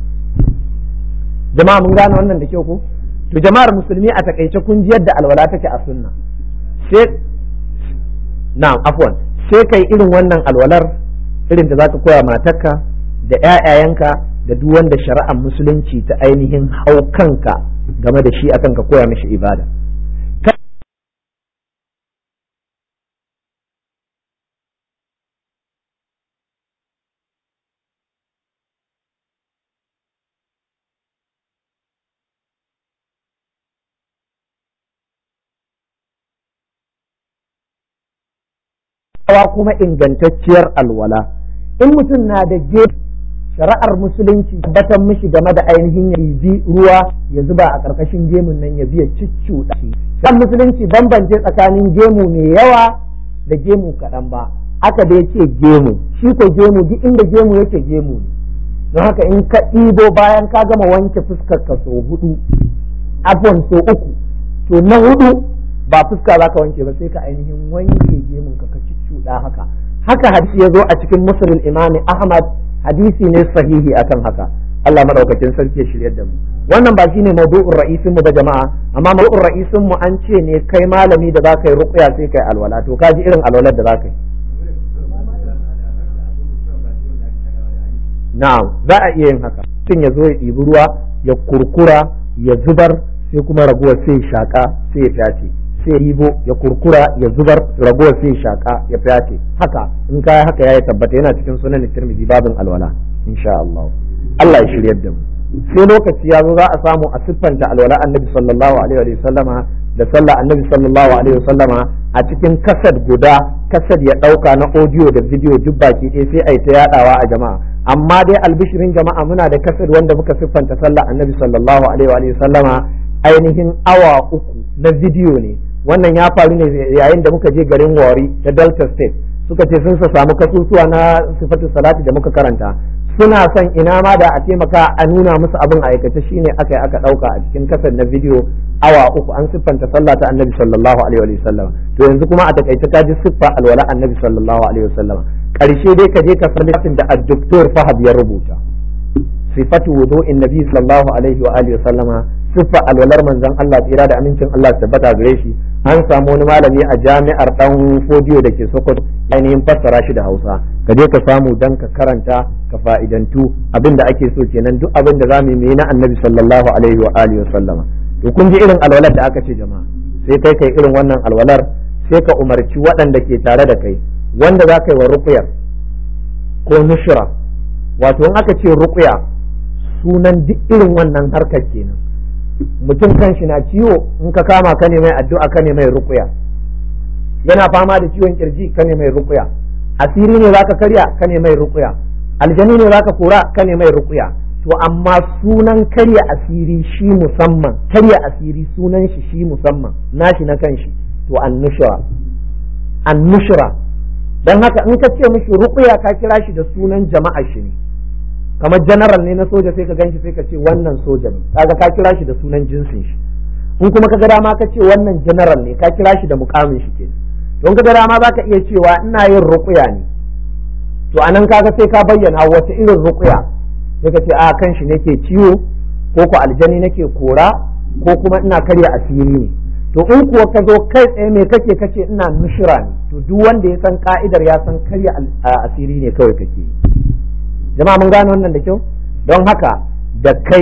jama'a mun gane wannan da kyau ko to jama'ar musulmi a takaice kun ji yadda alwala take a sunna sai na afwan sai kai irin wannan alwalar irin da zaka koya matarka da ƴaƴayenka da duk wanda shari'ar musulunci ta ainihin haukanka game da shi akan ka koya mishi ibada wa kuma ingantacciyar alwala in mutum na da gefe shari'ar musulunci tabbatar mishi game da ainihin ya bi ruwa ya zuba a ƙarƙashin gemun nan ya biya da shi shari'ar musulunci bambance tsakanin gemu mai yawa da gemu kaɗan ba aka da ce gemu shi ko gemu duk inda gemu yake gemu ne don haka in ka ɗibo bayan ka gama wanke fuskar ka so hudu abon so uku to na hudu ba fuska za ka wanke ba sai ka ainihin wanke gemun ka kaci cuɗa haka haka hadisi ya zo a cikin musulun imami ahmad hadisi ne sahihi akan haka Allah madaukakin sarki ya shiryar da mu wannan ba shine mawdu'ur ra'isin mu ba jama'a amma mawdu'ur ra'isin mu an ce ne kai malami da zaka yi ruqya sai kai alwala to kaji irin alwalar da zaka yi na'am za a iya yin haka tun ya zo ya ɗibi ruwa ya kurkura ya zubar sai kuma raguwa sai shaka sai ya tace sai ribo ya kurkura ya zubar ragowar sai shaka ya fyace haka in kaya haka yayi tabbata yana cikin sunan tirmidhi babin alwala insha Allah Allah ya shiryar da mu sai lokaci ya zo za a samu a siffanta alwala annabi sallallahu alaihi wa sallama da sallah annabi sallallahu alaihi wa sallama a cikin kasad guda kasad ya dauka na audio da video duk baki ɗaya sai ai ta yadawa a jama'a amma dai albishirin jama'a muna da kasad wanda muka siffanta sallah annabi sallallahu alaihi wa sallama ainihin awa uku na video ne wannan ya faru ne yayin da muka je garin wari ta delta state suka ce sun samu kasusuwa na sifatu salati da muka karanta suna son ina ma da a taimaka a nuna musu abin aikace shine aka yi aka ɗauka a cikin kasar na bidiyo awa uku an siffanta sallah ta annabi sallallahu alaihi wa sallam to yanzu kuma a takaice ta ji siffa alwala annabi sallallahu alaihi wa sallam karshe dai ka je ka san da ad Fahad ya rubuta sifatu wudu'in nabi sallallahu alaihi wa alihi wa sallama siffa alwalar manzon Allah tsira da amincin Allah tabbata gare shi an samu wani malami a jami'ar dan fodiyo da ke sokoto ainihin fassara shi da hausa ka je ka samu dan ka karanta ka fa'idantu abinda ake so kenan duk abin da zamu yi na annabi sallallahu alaihi wa alihi wa sallama to kun ji irin alwalar da aka ce jama'a sai kai kai irin wannan alwalar sai ka umarci waɗanda ke tare da kai wanda za ka yi wa ruqya ko nushra wato in aka ce ruqya sunan duk irin wannan harkar kenan mutum kanshi na ciwo in ka kama ka ne mai addu'a ka ne mai rukuya yana fama da ciwon kirji ka ne mai rukuya asiri ne zaka karya ka ne mai rukuya Aljanu ne zaka kura ka ne mai rukuya to amma sunan karya asiri shi musamman karya asiri sunan shi shi musamman nashi na kanshi to annushra annushra dan haka in ka ce mishi rukuya ka kira shi da sunan jama'a shi ne kamar general ne na soja sai ka ganshi sai ka ce wannan soja ne kaga ka kira shi da sunan jinsin shi in kuma ka ga dama ka ce wannan general ne ka kira shi da mukamin shi ke don ka ga dama za ka iya cewa ina yin ruqya ne to anan kaga sai ka bayyana wata irin ruqya sai ka ce a kan shi nake ciwo ko ko aljani nake kora ko kuma ina karya asiri ne to in kuwa ka zo kai tsaye me kake kace ina nushira ne to duk wanda ya san ka'idar ya san karya asiri ne kawai kake jama'a mun gane wannan da kyau don haka da kai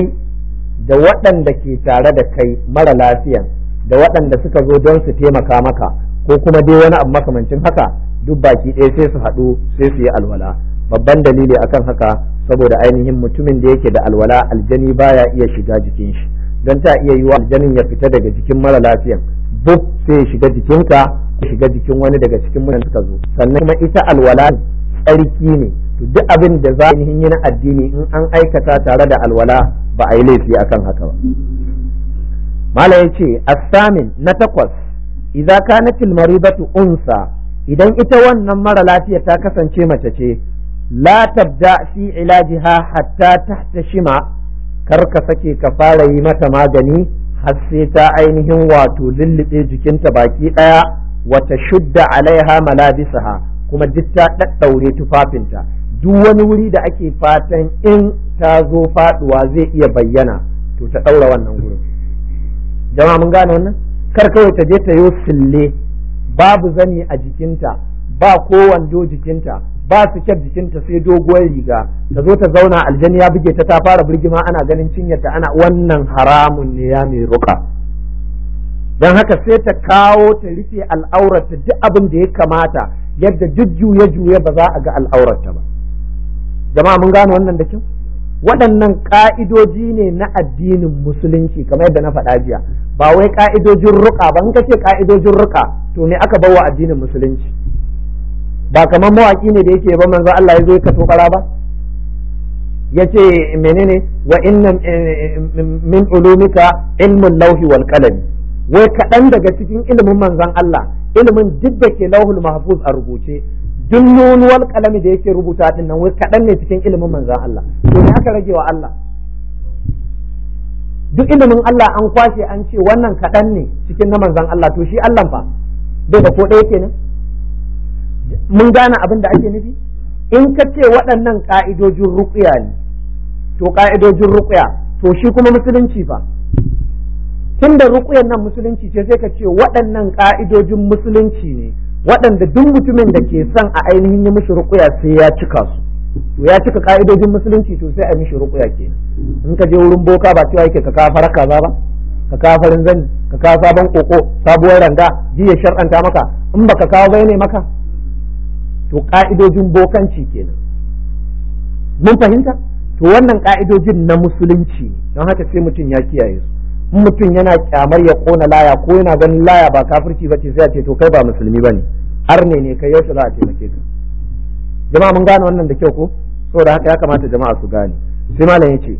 da waɗanda ke tare da kai mara lafiyan da waɗanda suka zo don su taimaka maka ko kuma dai wani abu makamancin haka duk baki ɗaya sai su haɗu sai su yi alwala babban dalili akan haka saboda ainihin mutumin da yake da alwala aljani baya iya shiga jikin shi don ta iya yiwa aljanin ya fita daga jikin mara lafiyan duk sai ya shiga jikinka ya shiga jikin wani daga cikin mutane suka zo sannan kuma ita alwala tsarki ne to duk abin da za a yi na addini in an aikata tare da alwala ba a yi laifi akan haka ba mala ya ce asamin na takwas ka na maridatu unsa idan ita wannan mara lafiya ta kasance mace ce la tabda fi ha hatta ta shima, kar ka sake ka fara yi mata magani har sai ta ainihin wato lullube jikinta baki daya wata shudda alaiha malabisaha kuma duk ta tufafinta duk wani wuri da ake fatan in ta zo faduwa zai iya bayyana to ta daura wannan gurin jama'a mun gane wannan kar kawai ta je ta yo sille babu zani a jikinta ba kowan jikinta ba su kyar jikinta sai doguwar riga ta zo ta zauna aljani ya buge ta ta fara birgima ana ganin ta. ana wannan haramun ne ya mai ruka don haka sai ta kawo ta rufe al'aurarta duk abin da ya kamata yadda duk juye-juye ba za a ga al'aurarta ba jama'a mun gane wannan da kyau waɗannan ƙa'idoji ne na addinin musulunci kamar yadda na faɗa jiya ba wai ƙa'idojin ruka ba in ka ce ƙa'idojin ruka to me aka bawa addinin musulunci ba kamar mawaki ne da yake ba manzo Allah ya zo ya kato ƙara ba ya ce menene wa inna eh, eh, min ulumika ilmin lauhi wal qalam wai kaɗan daga cikin ilimin manzon Allah ilimin duk da ke lauhul mahfuz a rubuce duk nunuwar kalami da yake rubuta din nan wai kaɗan ne cikin ilimin manzan Allah to ne aka rage wa Allah duk ilimin Allah an kwashe an ce wannan kaɗan ne cikin na manzan Allah to shi Allah fa bai da ko ɗaya kenan mun gane abin da ake nufi in ka ce waɗannan ƙa'idojin ruƙuya ne to ƙa'idojin ruƙuya to shi kuma musulunci fa tun da ruƙuyan nan musulunci ce sai ka ce waɗannan ƙa'idojin musulunci ne waɗanda duk mutumin da ke son a ainihin yi mishi rukuya sai ya cika su to ya cika ka'idojin musulunci to sai a mishi rukuya kenan in ka je wurin boka ba cewa yake ka kafara kaza ba ka kafarin zani ka kawo sabon koko sabuwar ranga jiya shar'anta maka in baka kawo bai ne maka to ka'idojin bokanci kenan mun fahimta to wannan ka'idojin na musulunci don haka sai mutum ya kiyaye su mutum yana kyamar ya kona laya ko yana ganin laya ba kafirci ce, sai a ce to kai ba musulmi ba ne. Har ne ne, kai yaushe za a taimake ka jama'a mun gane wannan da kyau ko saboda haka ya kamata jama'a su gane sai malam yace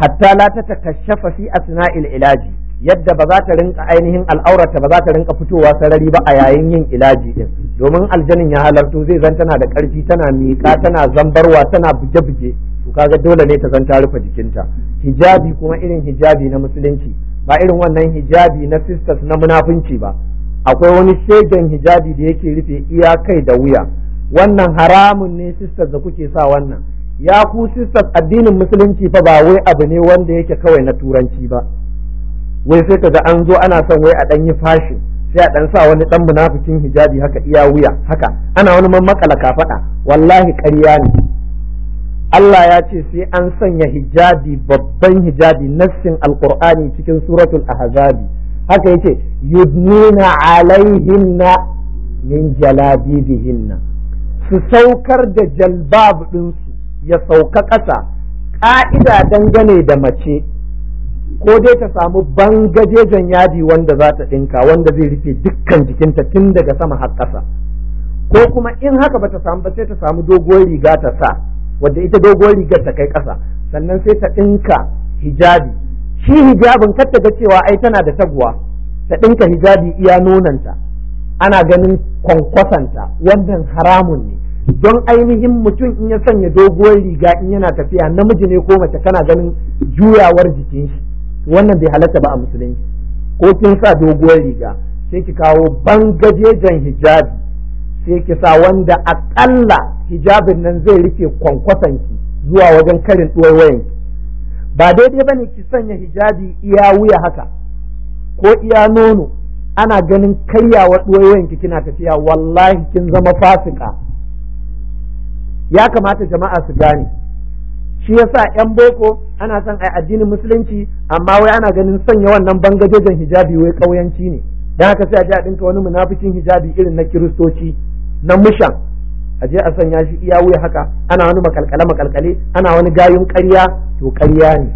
hatta la ta takashafa fi asna'il ilaji yadda ba za ta rinka ainihin al'aurata ba za ta rinka fitowa sarari ba a yayin yin ilaji din domin aljanin ya halarto zai zan tana da karfi tana miƙa tana zambarwa tana buge-buge kaga dole ne ta san ta rufe jikinta hijabi kuma irin hijabi na musulunci ba irin wannan hijabi na sisters na munafunci ba akwai wani shegen hijabi da yake rufe iya kai da wuya wannan haramun ne sisters da kuke sa wannan ya ku sisters addinin musulunci fa ba wai abu ne wanda yake kawai na turanci ba wai sai kaga an zo ana son wai a dan yi fashin sai a dan sa wani dan munafikin hijabi haka iya wuya haka ana wani man makala kafada wallahi ƙarya ne Allah ya ce sai an sanya hijabi babban hijabi nassin alqur'ani cikin suratul ahzabi haka yace yudnina alaihinna min jalabibihinna su saukar da jalbab ɗinsu ya sauka ƙasa ƙa'ida dangane da mace ko dai ta samu bangajejen yadi wanda za ta ɗinka wanda zai rufe dukkan jikinta tun daga sama har ƙasa ko kuma in haka ba ta samu ba sai ta samu doguwar riga ta sa wadda ita doguwar rigar ta kai ƙasa sannan sai ta ɗinka hijabi shi hijabin kar ta ga cewa ai tana da taguwa ta ɗinka hijabi iya nonanta ana ganin kwankwasanta wannan haramun ne don ainihin mutum in ya sanya doguwar riga in yana tafiya namiji ne ko mace kana ganin juyawar jikin shi wannan bai halatta ba a musulunci ko kin sa doguwar riga sai ki kawo bangajejen hijabi sai ki sa wanda akalla hijabin nan zai rike kwankwason ki zuwa wajen karin ɗuwar ki ba daidai ne ki sanya hijabi iya wuya haka ko iya nono ana ganin karyawa ɗuwaiwayen ki kina tafiya wallahi kin zama fasika ya kamata jama'a su gane shi yasa yan boko ana son a addinin musulunci amma wai ana ganin sanya wannan bangajejen hijabi wai ƙauyanci ne dan haka sai a ji a ɗinka wani munafikin hijabi irin na kiristoci na mushan a je a sanya shi iya wuya haka ana wani makalkale makalkale ana wani gayun ƙarya to ƙarya ne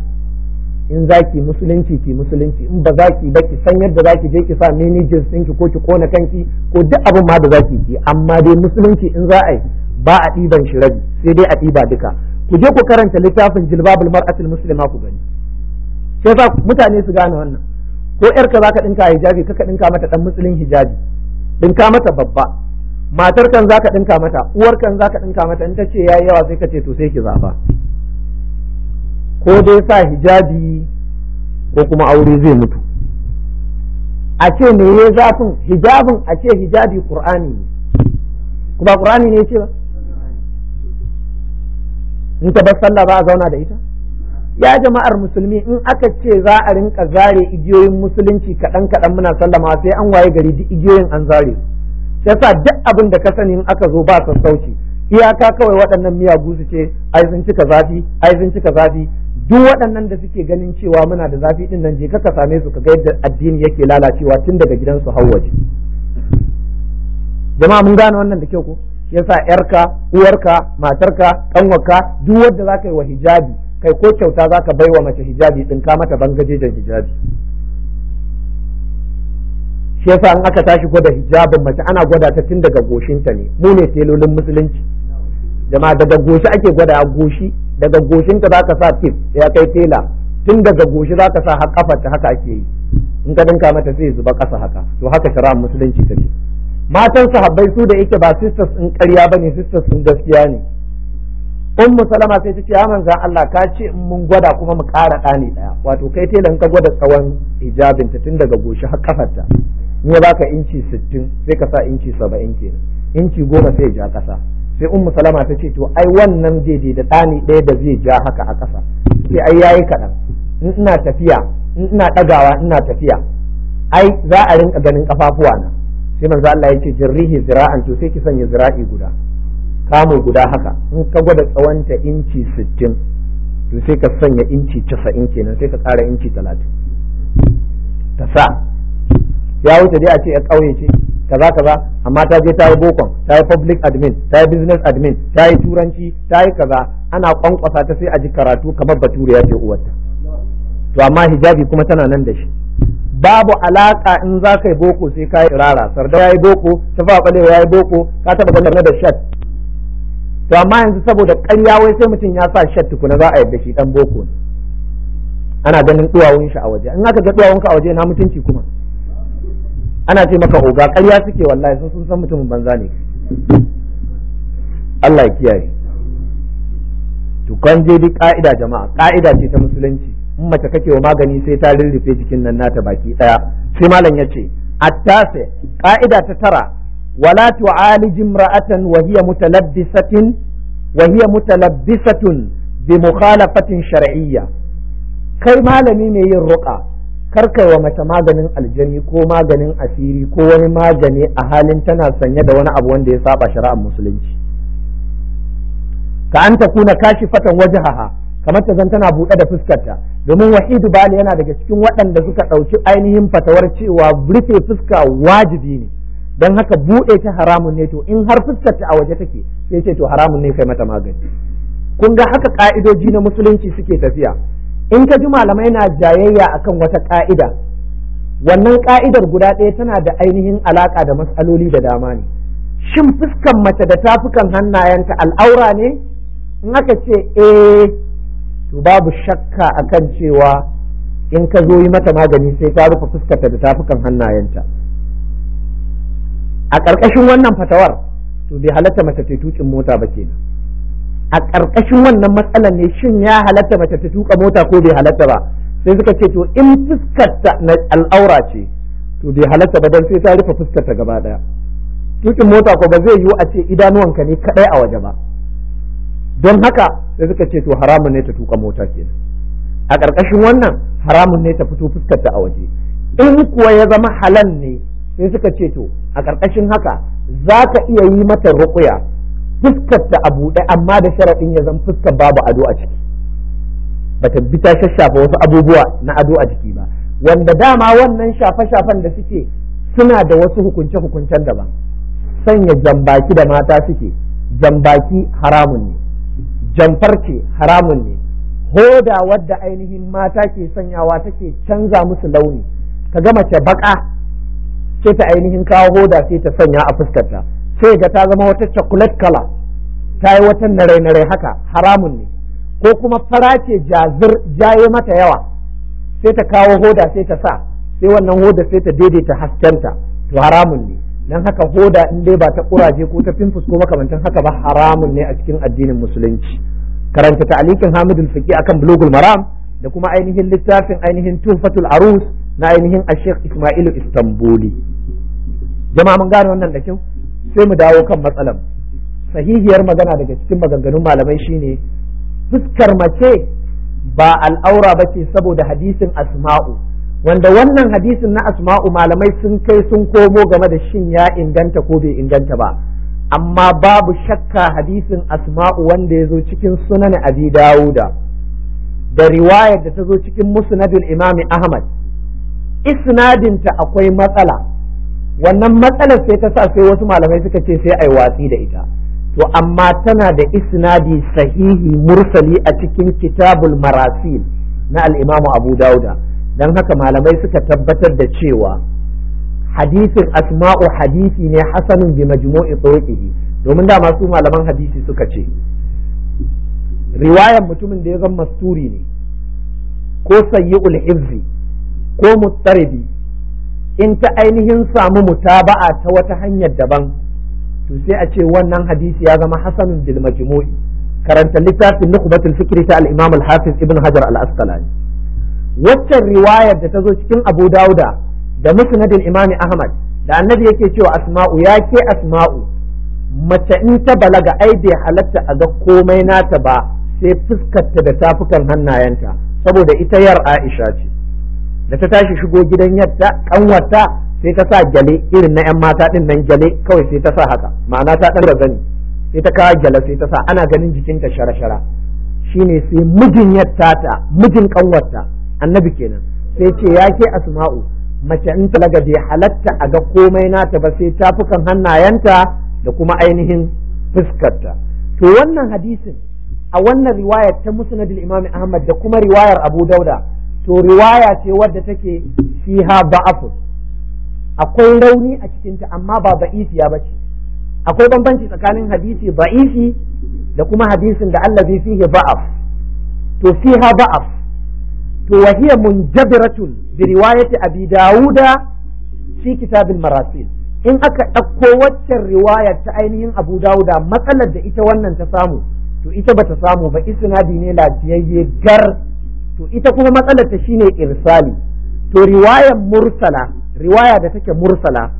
in za ki musulunci ki musulunci in ba za ki ba ki san yadda za ki je ki sa managers ɗinki ko ki kona kanki ko duk abin ma da za ki yi amma dai musulunci in za a yi ba a ɗiban shi rabi sai dai a ɗiba duka ku je ku karanta littafin jilbabul mar'atul muslima ku gani sai fa mutane su gane wannan ko yarka zaka dinka hijabi kaka ɗinka mata dan musulun hijabi dinka mata babba matar kan za ka ɗinka mata uwar kan za ka ɗinka mata in ta ce yi yawa sai ka ce to sai ki zafa. ko dai sa hijabi ko kuma aure zai mutu a ce me ya zafin hijabin a ce hijabi ƙur'ani ne kuma ƙur'ani ne ce ba in ta bar sallah ba a zauna da ita ya jama'ar musulmi in aka ce za a rinka zare igiyoyin musulunci kaɗan kaɗan muna sallama sai an waye gari duk igiyoyin an zare su yasa duk abin da ka sani in aka zo ba sassauci iyaka kawai waɗannan miyagu su ce ai sun cika zafi ai sun cika zafi duk waɗannan da suke ganin cewa muna da zafi din nan je ka same su ka ga yadda addini yake lalacewa tun daga gidan su har waje jama'a mun gane wannan da kyau ko yasa yarka uwarka matarka kanwarka duk wanda zaka yi wa hijabi kai ko kyauta zaka baiwa mace hijabi din ka mata bangaje da hijabi shi yasa in aka tashi gwada hijabin mace ana gwada ta tun daga goshinta ne mu ne telolin musulunci jama'a daga goshi ake gwada a goshi daga goshinta za ka sa tip ya kai tela tun daga goshi za ka sa har kafarta haka ake yi in ka dinka mata sai zuba ƙasa haka to haka shari'ar musulunci ta ce matan sahabbai su da yake ba sisters in ƙarya ba ne sisters in gaskiya ne ummu salama sai ta ce ya manzan Allah ka ce in mun gwada kuma mu ƙara ɗani ɗaya wato kai tela in ka gwada tsawon hijabinta tun daga goshi har in ya baka inci sittin sai ka sa inci saba'in kenan inci goma sai ja ƙasa sai ummu salama ta ce to ai wannan daidai da ɗani ɗaya da zai ja haka a kasa sai ai yayi kaɗan in ina tafiya in ina ɗagawa ina tafiya ai za a rinka ganin kafafuwa na sai manzo Allah ya ce jirrihi zira'an to sai ki sanya zira'i guda kamu guda haka in ka gwada tsawon ta inci sittin to sai ka sanya inci casa'in kenan sai ka ƙara inci talatin ta sa ya wuce dai a ce ya kauye ce kaza kaza amma ta je ta yi bokon ta yi public admin ta yi business admin ta yi turanci ta yi kaza ana kwankwasa ta sai a ji karatu kamar bature ya ce uwarta to amma hijabi kuma tana nan da shi babu alaka in za ka yi boko sai ka yi rara sarda ya yi boko ta fa balewa ya yi boko ka taba ganin da shat to amma yanzu saboda ƙarya wai sai mutum ya sa shat tukuna za a yadda shi dan boko ne ana ganin duwawun shi a waje in aka ga duwawun ka a waje na mutunci kuma ana ce maka oga ƙarya suke wallahi sun sun san mutumin banza ne Allah ya kiyaye to kan je duk ka'ida jama'a ka'ida ce ta musulunci in mace kake wa magani sai ta rirrufe jikin nan nata baki daya sai malam ya yace attase ka'ida ta tara wala tu'alij imra'atan wa hiya mutalabbisatin wa hiya mutalabbisatun bi mukhalafatin shar'iyya kai malami ne yin ruqa karkai wa mace maganin aljani ko maganin asiri ko wani magani a halin tana sanye da wani abu wanda ya saba shari'ar musulunci ka an ta kuna kashi fatan waje haha kamar ta zan tana buɗe da fuskarta domin wahidu bali yana daga cikin waɗanda suka ɗauki ainihin fatawar cewa rufe fuska wajibi ne don haka buɗe ta haramun ne to in har fuskarta a waje take sai ce to haramun ne kai mata magani kun ga haka ka'idoji na musulunci suke tafiya in ka ji malamai na jayayya akan wata ƙa'ida, wannan ƙa'idar guda ɗaya tana da ainihin alaƙa da matsaloli da dama ne shin fuskan mace da tafukan hannayenta al'aura ne in aka ce e to babu shakka akan cewa in ka zo yi mata magani sai ta rufe fuskarta da tafukan hannayenta a ƙarƙashin wannan fatawar to bai halatta mace ta tuƙin mota ba kenan a ƙarƙashin wannan matsalar ne shin ya halatta mace ta tuka mota ko bai halatta ba sai suka ce to in fuskarta na al'aura ce to bai halatta ba don sai ta rufe fuskarta gaba ɗaya tukin mota ko ba zai yiwu a ce idanuwanka ne kaɗai a waje ba don haka sai suka ce to haramun ne ta tuka mota kenan a ƙarƙashin wannan haramun ne ta fito fuskarta a waje in kuwa ya zama halal ne sai suka ce to a ƙarƙashin haka za ka iya yi mata ruƙuya fuskar da a buɗe amma da sharaɗin ya zan fuskar babu ado a ciki bata bi ta shashafa wasu abubuwa na ado a jiki ba wanda dama wannan shafe-shafen da suke suna da wasu hukunce-hukuncen daban sanya jambaki da mata suke jambaki haramun ne jamfarce haramun ne hoda wadda ainihin mata ke sanyawa take canza musu launi ka ga mace baka sai ta ainihin kawo hoda sai ta sanya a fuskarta sai ga ta zama wata chocolate kala ta yi wata nare-nare haka haramun ne ko kuma fara ce jazir jaye mata yawa sai ta kawo hoda sai ta sa sai wannan hoda sai ta daidaita haskenta to haramun ne dan haka hoda in dai ba ta kuraje ko ta fimfus ko makamantan haka ba haramun ne a cikin addinin musulunci karanta ta'alikin hamidul fiqi akan bulugul maram da kuma ainihin littafin ainihin tufatul arus na ainihin a ismailu istanbuli jama'a mun gane wannan da kyau sai mu dawo kan matsalar sahihiyar magana daga cikin maganganun malamai shine fuskar mace ba al'aura ba ce saboda hadisin asma'u wanda wannan hadisin na asma'u malamai sun kai sun komo game da shin ya inganta ko bai inganta ba amma babu shakka hadisin asma'u wanda ya zo cikin sunan abi dawuda da riwayar da ta zo cikin musnadul imami ahmad isnadinta akwai matsala wannan matsalar sai ta sa sai wasu malamai suka ce sai yi watsi da ita to amma tana da isnadi sahihi mursali a cikin kitabul marasil na al'imamu abu dauda don haka malamai suka tabbatar da cewa hadisin asma'u hadisi ne hasanun bi majmu'i turqihi domin da masu malaman hadisi suka ce riwayan mutumin da ya zama masturi ne ko sayyi'ul hizzi ko muttaribi in ta ainihin samu mutaba'a ta wata hanyar daban to sai a ce wannan hadisi ya zama hasanun bil majmu'i karanta littafin nukhbatul fikri ta al-imam al-hafiz ibn hajar al-asqalani waccan riwayar da ta zo cikin abu dauda da musnadin imami ahmad da annabi yake cewa asma'u ya ke asma'u mace in ta balaga ai bai halatta a ga komai nata ba sai fuskarta da tafukan hannayenta saboda ita yar aisha ce da ta tashi shigo gidan yadda kanwarta sai ta sa gyale irin na yan mata din nan gyale kawai sai ta sa haka ma'ana ta ɗan gani sai ta kawo gyale sai ta sa ana ganin jikinta shara-shara shine sai mijin yadda ta mijin kanwarta annabi kenan sai ce ya ke asma'u mace in ta lagade halatta a ga komai nata ba sai ta kan hannayenta da kuma ainihin fuskarta to wannan hadisin a wannan riwayar ta musnadul imam ahmad da kuma riwayar abu dauda to riwaya ce wadda take fiha ba'afun akwai rauni a cikinta amma ba ba'ifiya ba ce akwai bambanci tsakanin hadisi ba'ifi da kuma hadisin da Allah zai fihi ba'af to fiha ba'af to wa hiya munjabiratun bi riwayati abi dauda fi kitabil marasil in aka ɗauko waccan riwaya ta ainihin abu dauda matsalar da ita wannan ta samu to ita bata samu ba isnadi ne lafiyayye gar to ita kuma matsalar ta shine irsali to riwayar mursala riwaya da take mursala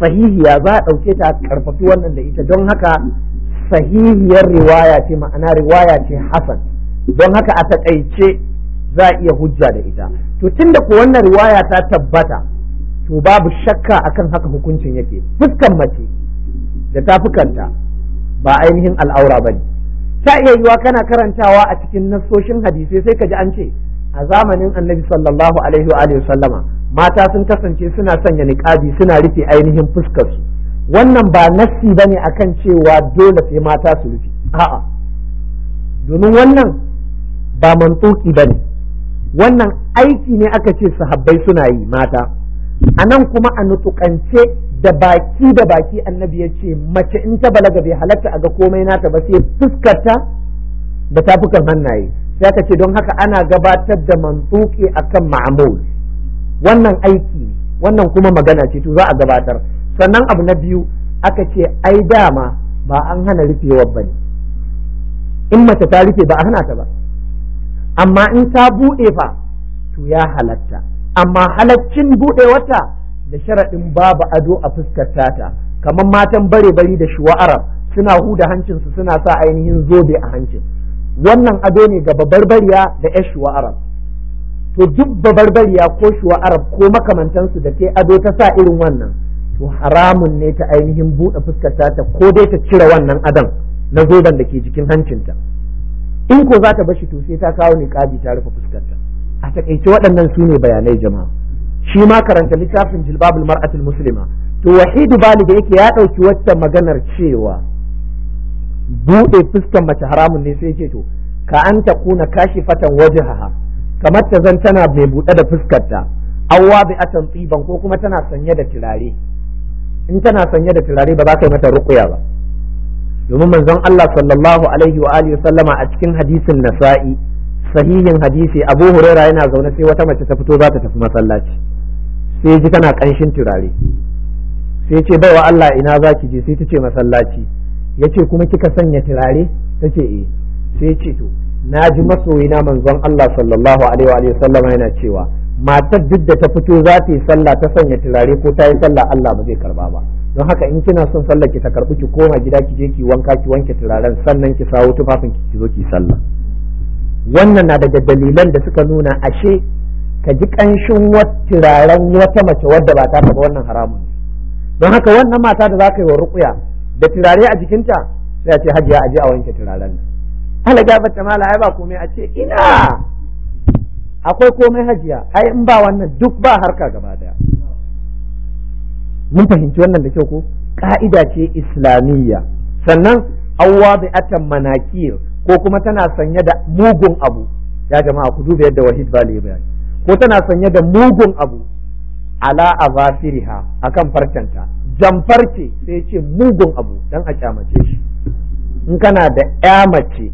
sahihiya za a ɗauke ta karfafi wannan da ita don haka sahihiyar riwaya ce ma'ana riwaya ce hasan don haka a taƙaice za a iya hujja da ita to tunda ko wannan riwaya ta tabbata to babu shakka akan haka hukuncin yake fuskan mace da ta ba ainihin al'aura bane ta iya yiwa kana karantawa a cikin nassoshin hadisai sai ka ji an ce a zamanin annabi sallallahu alaihi wa alihi sallama mata sun kasance suna sanya niqabi suna rufe ainihin fuskar su wannan ba nassi bane akan cewa dole sai mata su rufe a'a domin wannan ba mantuki bane wannan aiki ne aka ce sahabbai suna yi mata a nan kuma a nutukance da baki da baki annabi ya ce mace in ta balaga bai halatta a ga komai nata ba sai fuskarta da tafukan hannaye sai aka ce don haka ana gabatar da a akan ma'amul wannan aiki wannan kuma magana ce to za a gabatar sannan abu na biyu aka ce ai dama ba an hana rufewar ba ne in mace ta rufe ba a hana ta ba amma in ta buɗe fa to ya halatta amma halaccin buɗe wata da sharaɗin babu ado a fuskar tata kamar matan bare bari da shuwa suna huda hancinsu suna sa ainihin zobe a hancin wannan ado ne ga babarbariya da yar shuwa to duk bariya ko shuwa ko makamantansu da ke ado ta sa irin wannan to haramun ne ta ainihin buɗe fuskar tata ko dai ta cire wannan adon na zoben da ke jikin hancinta in ko za ta bashi to sai ta kawo niƙabi ta rufe fuskarta a taƙaice waɗannan su ne bayanai jama'a shi ma karanta littafin jilbabul mar'atul muslima to wahidu bali da yake ya ɗauki waccan maganar cewa buɗe fuskan mace haramun ne sai yake to ka an ta kuna kashi fatan wajaha kamar ta zan tana mai buɗe da fuskarta awwa bi atan tsiban ko kuma tana sanye da turare in tana sanye da turare ba za ka yi mata ruqya ba domin manzon Allah sallallahu alaihi wa alihi sallama a cikin hadisin Nasa'i sahihin hadisi Abu Huraira yana zaune sai wata mace ta fito za ta tafi masallaci sai ya ji tana ƙanshin turare sai ya ce baiwa Allah ina za ki je sai ta ce masallaci ya ce kuma kika sanya turare ta ce eh sai ce to na ji masoyina manzon Allah sallallahu alaihi wa sallama yana cewa matar duk da ta fito za ta yi sallah ta sanya turare ko ta yi sallah Allah ba zai karba ba don haka in kina son sallah ki ta karbi ki koma gida ki je ki wanka ki wanke turaren sannan ki sawo tufafin ki ki zo ki sallah wannan na daga dalilan da suka nuna ashe ka ji ƙanshin turaren wata mace wadda ba ta taɓa wannan haramun don haka wannan mata da za ka yi wa rukuya da turare a jikinta sai a ce hajiya je a wanke turaren nan ala bata ta mala ai ba komai a ce ina akwai komai hajiya ai in ba wannan duk ba harka gaba daya mun fahimci wannan da kyau ko ka'ida ce islamiyya sannan awwa bi atam manakir ko kuma tana sanye da mugun abu ya jama'a ku duba yadda wahid bali ya bayani ko tana sanye da mugun abu ala azafiriha akan farcenta jamfar ce sai ce mugun abu dan a kyamace shi in kana da ya mace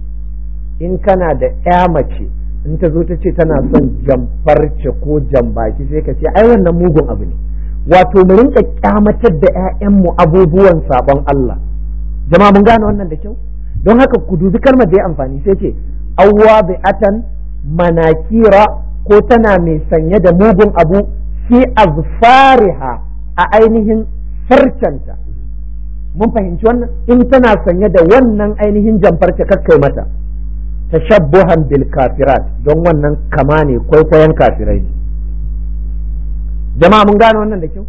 in kana da ya mace in ta zo ta ce tana son jamfarce ko jambaki sai ka ce ai wannan mugun abu ne wato mu rinka kyamatar da mu abubuwan sabon Allah jama'a mun gane wannan da kyau don haka ku dubi kalmar da ya amfani sai ce awwa bi atan manakira ko tana mai sanye da mugun abu fi azfariha a ainihin farcanta mun fahimci wannan in tana sanye da wannan ainihin jamfarce kakkai mata tashabbuhan bil kafirat don wannan kama ne kwaikwayon kafirai jama'a mun gane wannan da kyau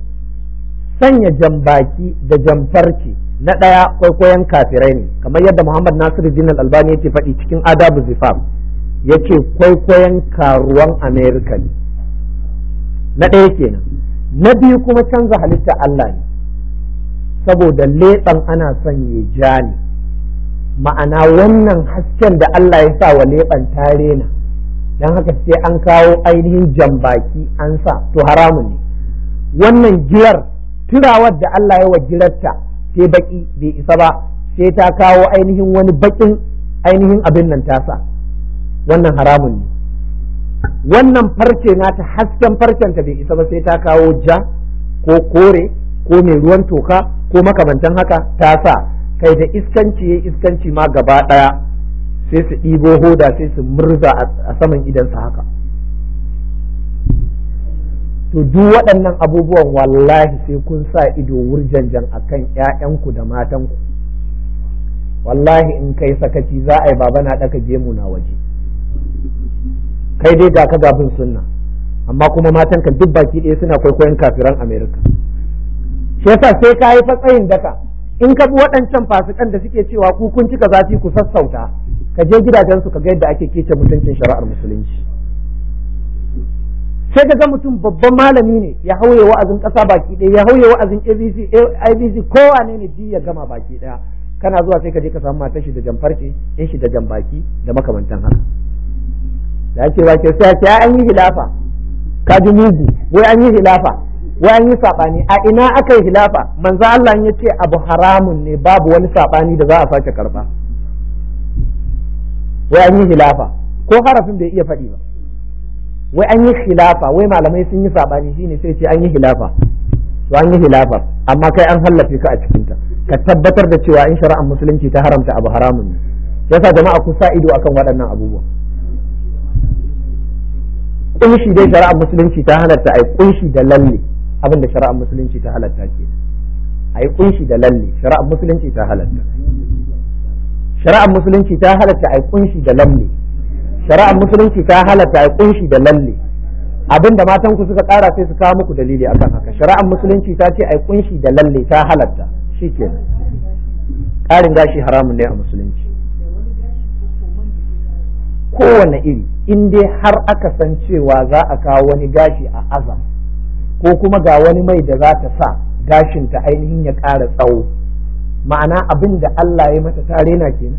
sanya jambaki da jamfarce na ɗaya kwaikwayon kafirai ne kamar yadda Muhammad Nasiru Jinnal Albani yake faɗi cikin adabu zifam yake kwaikwayon karuwan amerika ne na ɗaya kenan na biyu kuma canza halitta Allah ne saboda leɓen ana son ya ja ne ma'ana wannan hasken da Allah ya sa wa leɓen tare na don haka sai an kawo ainihin jan baki an sa to haramun ne wannan giyar turawar da Allah ya wa girarta sai baki bai isa ba sai ta kawo ainihin wani bakin ainihin abin nan ta sa. wannan haramun ne wannan farce na ta hasken farcen ta bai isa ba sai ta kawo ja ko kore ko mai ruwan toka ko makamantan haka ta sa kai da iskanci ya iskanci ma gaba ɗaya sai su ɗibo hoda sai su murza a saman idansa haka to duk waɗannan abubuwan wallahi sai kun sa ido wurjanjan a kan ‘ya'yanku da matanku wallahi in kai sakaci za a yi baba na ɗaka gemu na waje kai dai ga ka bin sunna amma kuma matan kan duk baki ɗaya suna kwaikwayon kafiran amerika shi yasa sai ka yi fatsayin daka in ka bi waɗancan fasikan da suke cewa ku kun cika zafi ku sassauta ka je gidajensu ka ga yadda ake kece mutuncin shari'ar musulunci sai ka ga mutum babban malami ne ya hauye wa'azin ƙasa baki ɗaya ya hauye wa'azin abc ibc kowane ne ji ya gama baki ɗaya kana zuwa sai ka je ka samu matar shi da jamfarki in shi da jambaki da makamantan haka da ake wace sai ce an yi hilafa ka ji mugu wai an yi hilafa wai an yi sabani a ina aka yi hilafa manzo Allah ya ce abu haramun ne babu wani sabani da za a sake karba wai an yi hilafa ko harafin bai iya faɗi ba wai an yi hilafa wai malamai sun yi sabani shine sai ce an yi hilafa to an yi hilafa amma kai an hallafe ka a cikinta ka tabbatar da cewa in shari'ar musulunci ta haramta abu haramun ne yasa jama'a ku sa ido akan waɗannan abubuwa kunshi dai shari'ar musulunci ta halatta ai kunshi da lalle abin da shari'ar musulunci ta halatta ke ai kunshi da lalle shari'ar musulunci ta halatta shari'ar musulunci ta halatta ai kunshi da lalle shari'ar musulunci ta halatta ai kunshi da lalle abin da matan ku suka kara sai su kawo muku dalili akan haka shari'ar musulunci ta ce ai kunshi da lalle ta halatta shikenan karin gashi haramun ne a musulunci kowane iri in dai har aka san cewa za a kawo wani gashi a azam ko kuma ga wani mai da za ta sa gashinta ainihin ya ƙara tsawo ma'ana abin da Allah ya mata tare na kenan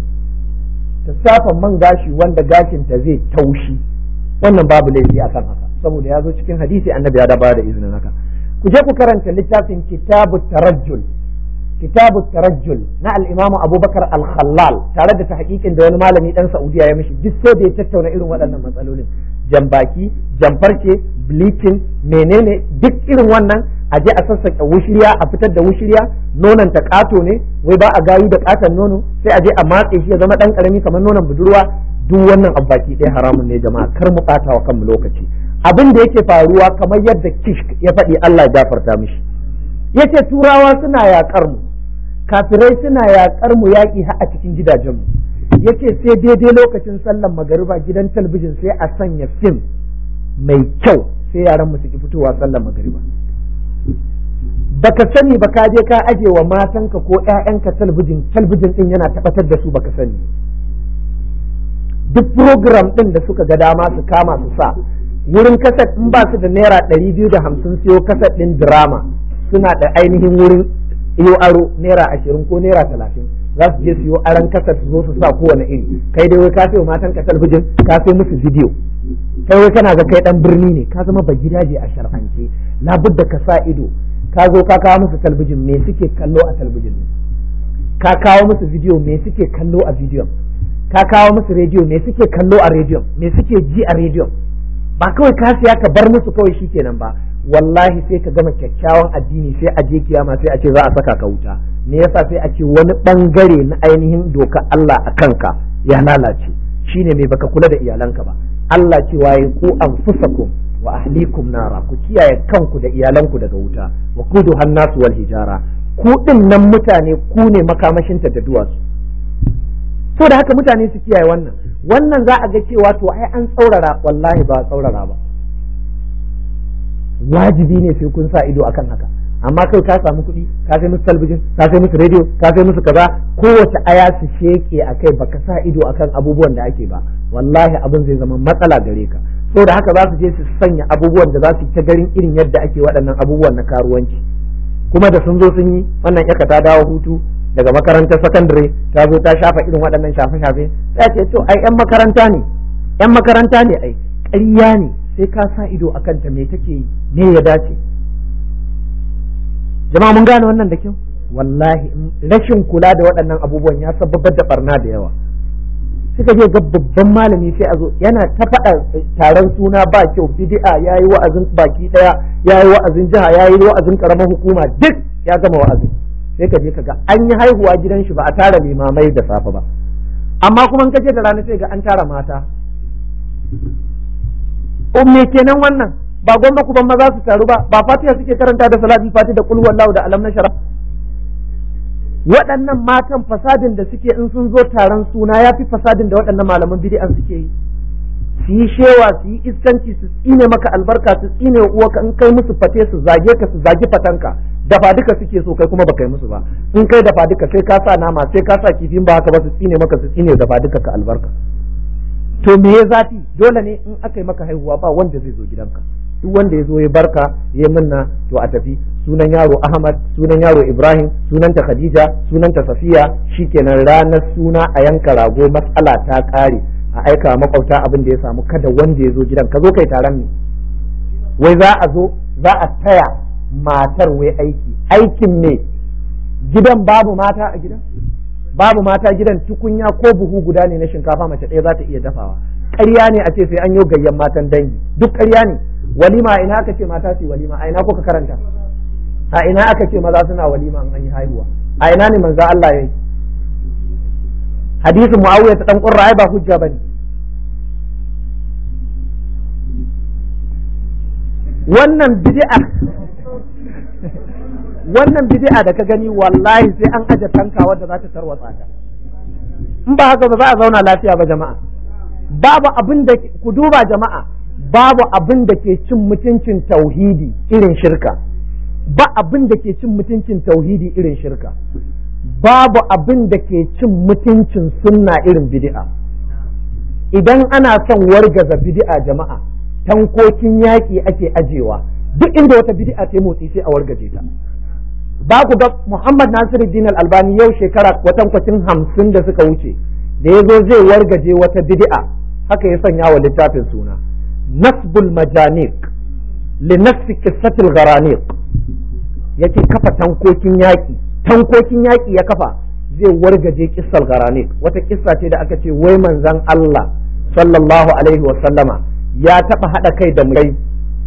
ta safa man gashi wanda gashinta zai taushi wannan babu laifi a kan haka saboda ya zo cikin hadisi annabi ya da bada izinin haka ku je ku karanta littafin kitabu tarajjul kitabu tarajjul na al-imamu abubakar al tare da tahqiqin da wani malami dan saudiya ya mishi duk sai da ya tattauna irin waɗannan matsalolin jambaki jamfarce bleaching menene duk irin wannan a je a sassaƙa wushiriya a fitar da wushiriya nonon ta ƙato ne wai ba a gayu da ƙaton nono sai a je a matse shi ya zama ɗan ƙarami kamar nonon budurwa duk wannan abu baki ɗaya haramun ne jama'a kar mu ɓata wa kanmu lokaci abin da yake faruwa kamar yadda kishk ya faɗi Allah ya gafarta mishi yace turawa suna yaƙar mu kafirai suna yaƙar mu yaƙi har a cikin gidajenmu yace sai daidai lokacin sallan magariba gidan talabijin sai a sanya fim mai kyau sai yaran mu suki fitowa sallan magariba baka sani ba ka je ka aje wa matanka ko ƴaƴanka talabijin talabijin din yana tabbatar da su baka sani duk program din da suka ga dama su kama su sa wurin kasat in ba su da naira ɗari biyu da hamsin siyo kasat ɗin drama suna da ainihin wurin iyo aro naira ashirin ko naira talatin za su je siyo aron kasar su zo su sa kowane iri kai dai wai ka sayo matan ka talbijin ka sayo musu bidiyo kai wai kana ga kai dan birni ne ka zama ba gidaje a shar'ance labudda ka sa ido ka zo ka kawo musu talbijin me suke kallo a talbijin ne ka kawo musu bidiyo me suke kallo a bidiyon ka kawo musu rediyo me suke kallo a rediyon me suke ji a rediyon ba kawai ka siya ka bar musu kawai shi kenan ba wallahi sai ka gama kyakkyawan addini sai a je kiyama sai a ce za a saka ka wuta me yasa sai a ce wani bangare na ainihin doka Allah a kanka ya lalace shine mai baka kula da iyalanka ba Allah cewa ya ku anfusakum wa ahlikum nara ku kiyaye kanku da iyalanku daga wuta wa kudu hannasu wal hijara ku din nan mutane ku ne makamashin ta da duwatsu so da haka mutane su kiyaye wannan wannan za a ga cewa to ai an tsaurara wallahi ba tsaurara ba wajibi ne sai kun sa ido akan haka amma kai ka samu kuɗi ka sai musu talbijin ka sai musu rediyo ka sai musu kaza kowace aya su sheke akai baka sa ido akan abubuwan da ake ba wallahi abin zai zama matsala gare ka da haka za su je su sanya abubuwan da za su ta garin irin yadda ake waɗannan abubuwan na karuwanci kuma da sun zo sun yi wannan yaka ta dawo hutu daga makarantar sakandare ta zo ta shafa irin waɗannan shafe-shafe ta ce to ai yan makaranta ne yan makaranta ne ai ƙarya ne sai ka sa ido akan ta me take yi me ya dace jama'a mun gane wannan da kyau wallahi rashin kula da waɗannan abubuwan ya sababbar da barna da yawa suka je ga babban malami sai a zo yana ta faɗa eh, taron suna ba kyau bid'a yayi wa'azin baki daya yayi wa'azin jiha yayi wa'azin karamar hukuma duk ya gama wa'azin sai ka je ka ga an yi haihuwa gidan shi ba a tara limamai da safe ba amma kuma in je da rana sai ga an tara mata umme kenan wannan ba gwamna ku ban maza su taru ba ba fatiha suke karanta da salati fati da kulhu wallahu da alam shara waɗannan matan fasadin da suke in sun zo taron suna ya fi fasadin da waɗannan malaman bid'an suke yi su yi shewa su yi iskanci su tsine maka albarka su tsine uwaka in kai musu fate su zage ka su zage fatanka dafa duka suke so kai kuma baka yi musu ba in kai dafa duka sai ka sa nama sai ka sa kifin ba haka ba su tsine maka su tsine dafa duka ka albarka to me ya zafi dole ne in aka yi maka haihuwa ba wanda zai zo gidanka duk wanda ya zo ya barka ya minna to a tafi sunan yaro Ahmad sunan yaro Ibrahim sunanta Khadija sunanta Safiya shikenan ranar suna a yanka rago matsala ta kare a aika makwabta abin da ya samu kada wanda ya zo gidan ka zo kai taron ne wai za a zo za a taya matar wai aiki aikin ne gidan babu mata a gidan babu mata gidan tukunya ko buhu guda ne na shinkafa mace ɗaya za ta iya dafawa ƙarya ne a ce sai an yi gayyan matan dangi duk ƙarya ne walima a ina aka ce mata su walima a ina kuka karanta a ina aka ce maza suna walima in an yi haihuwa a ina ne manzo Allah yi hadisin muawiya ta dan qurra ai ba hujja bane wannan bid'a wannan bid'a da ka gani wallahi sai an aje tanka wadda za ta tarwatsa ta in ba haka ba za a zauna lafiya ba jama'a babu abin da ku duba jama'a babu abin da ke cin mutuncin tauhidi irin shirka ba abin da ke cin mutuncin tauhidi irin shirka babu abin da ke cin mutuncin sunna irin bid'a idan ana son wargaza bid'a jama'a tankokin yaƙi ake ajewa duk inda wata bid'a ta motsi sai a wargaje ta ba ku ga Muhammad Nasiruddin Al-Albani yau shekara watan kwacin hamsin da suka wuce da ya zo zai wargaje wata bid'a haka ya sanya wa littafin suna nasbul majanik li nafsi qissatil gharaniq yace kafa tankokin yaki tankokin yaki ya kafa zai wargaje ƙisar gharaniq wata kissa ce da aka ce wai manzon Allah sallallahu alaihi wa sallama ya taba hada kai da murai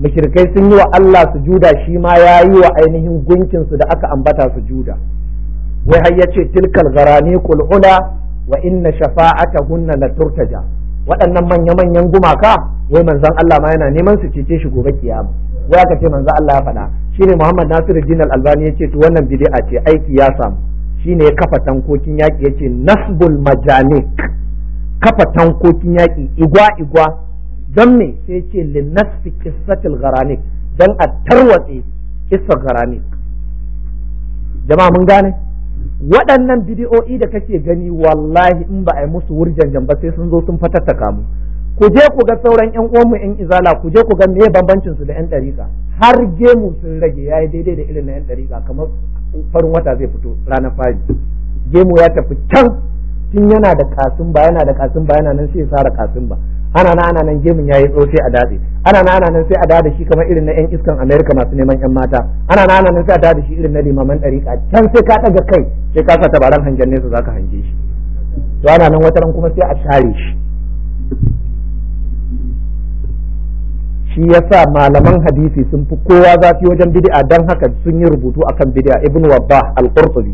mushrikai sun yi wa Allah sujuda shi ma ya yi wa ainihin gunkin su da aka ambata sujuda wai har yace tilkal gharaniqul ula wa inna shafa'atahunna la turtaja waɗannan manya-manyan gumaka wai manzon Allah ma yana neman su cece shi gobe kiyama wai aka ce manzon Allah ya faɗa shine Muhammad Nasiruddin Al-Albani yace to wannan bid'a ce aiki ya samu shine ya kafa tankokin yaki yace nasbul majanik kafa tankokin yaki igwa igwa dan me sai yace linasfi qissatil gharanik dan a tarwatse qissar gharanik jama'a mun gane waɗannan bidiyo'i da kake gani wallahi in ba a yi musu wurjan ba sai sun zo sun fatattaka mu ku je ku ga sauran yan uwanmu yan izala ku je ku ga meye bambancin su da yan dariƙa har gemu sun rage yayi daidai da irin na yan dariƙa kamar farin wata zai fito ranar fari gemu ya tafi can tun yana da kasin ba yana da kasin ba yana nan sai ya sara kasin ba ana na ana nan gemun yayi tso sai a dade ana na ana nan sai a dade shi kamar irin na yan iskan America masu neman yan mata ana na ana nan sai a dade shi irin na limaman dariƙa can sai ka daga kai sai ka sa tabaran hangen nesa zaka hange shi to ana nan wata ran kuma sai a share shi shi ya sa malaman hadisi sun fi kowa zafi wajen bid'a don haka sun yi rubutu akan bid'a ibn wabba al-qurtubi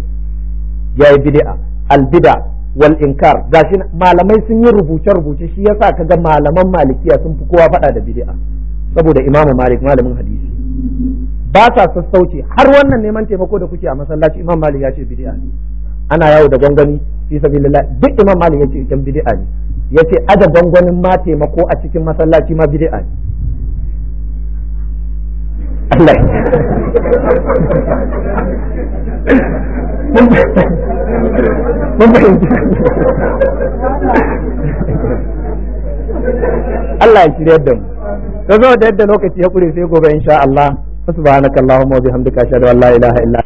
ya bid'a al-bid'a wal inkar gashi malamai sun yi rubuce rubuce shi yasa kaga malaman malikiya sun fi kowa faɗa da bid'a saboda imam malik malamin hadisi ba sa sassauci har wannan neman taimako da kuke a masallaci imam malik ya ce bid'a ne ana yawo da gwangwani fi sabilillah duk imam malik ya ce bid'a ne yace adadin gwangwanin ma taimako a cikin masallaci ma bid'a ne Allah mun fahimci Allah ya shirya da mu to zo da yadda lokaci ya kure sai gobe insha Allah subhanakallahumma wa bihamdika ashhadu an la ilaha illa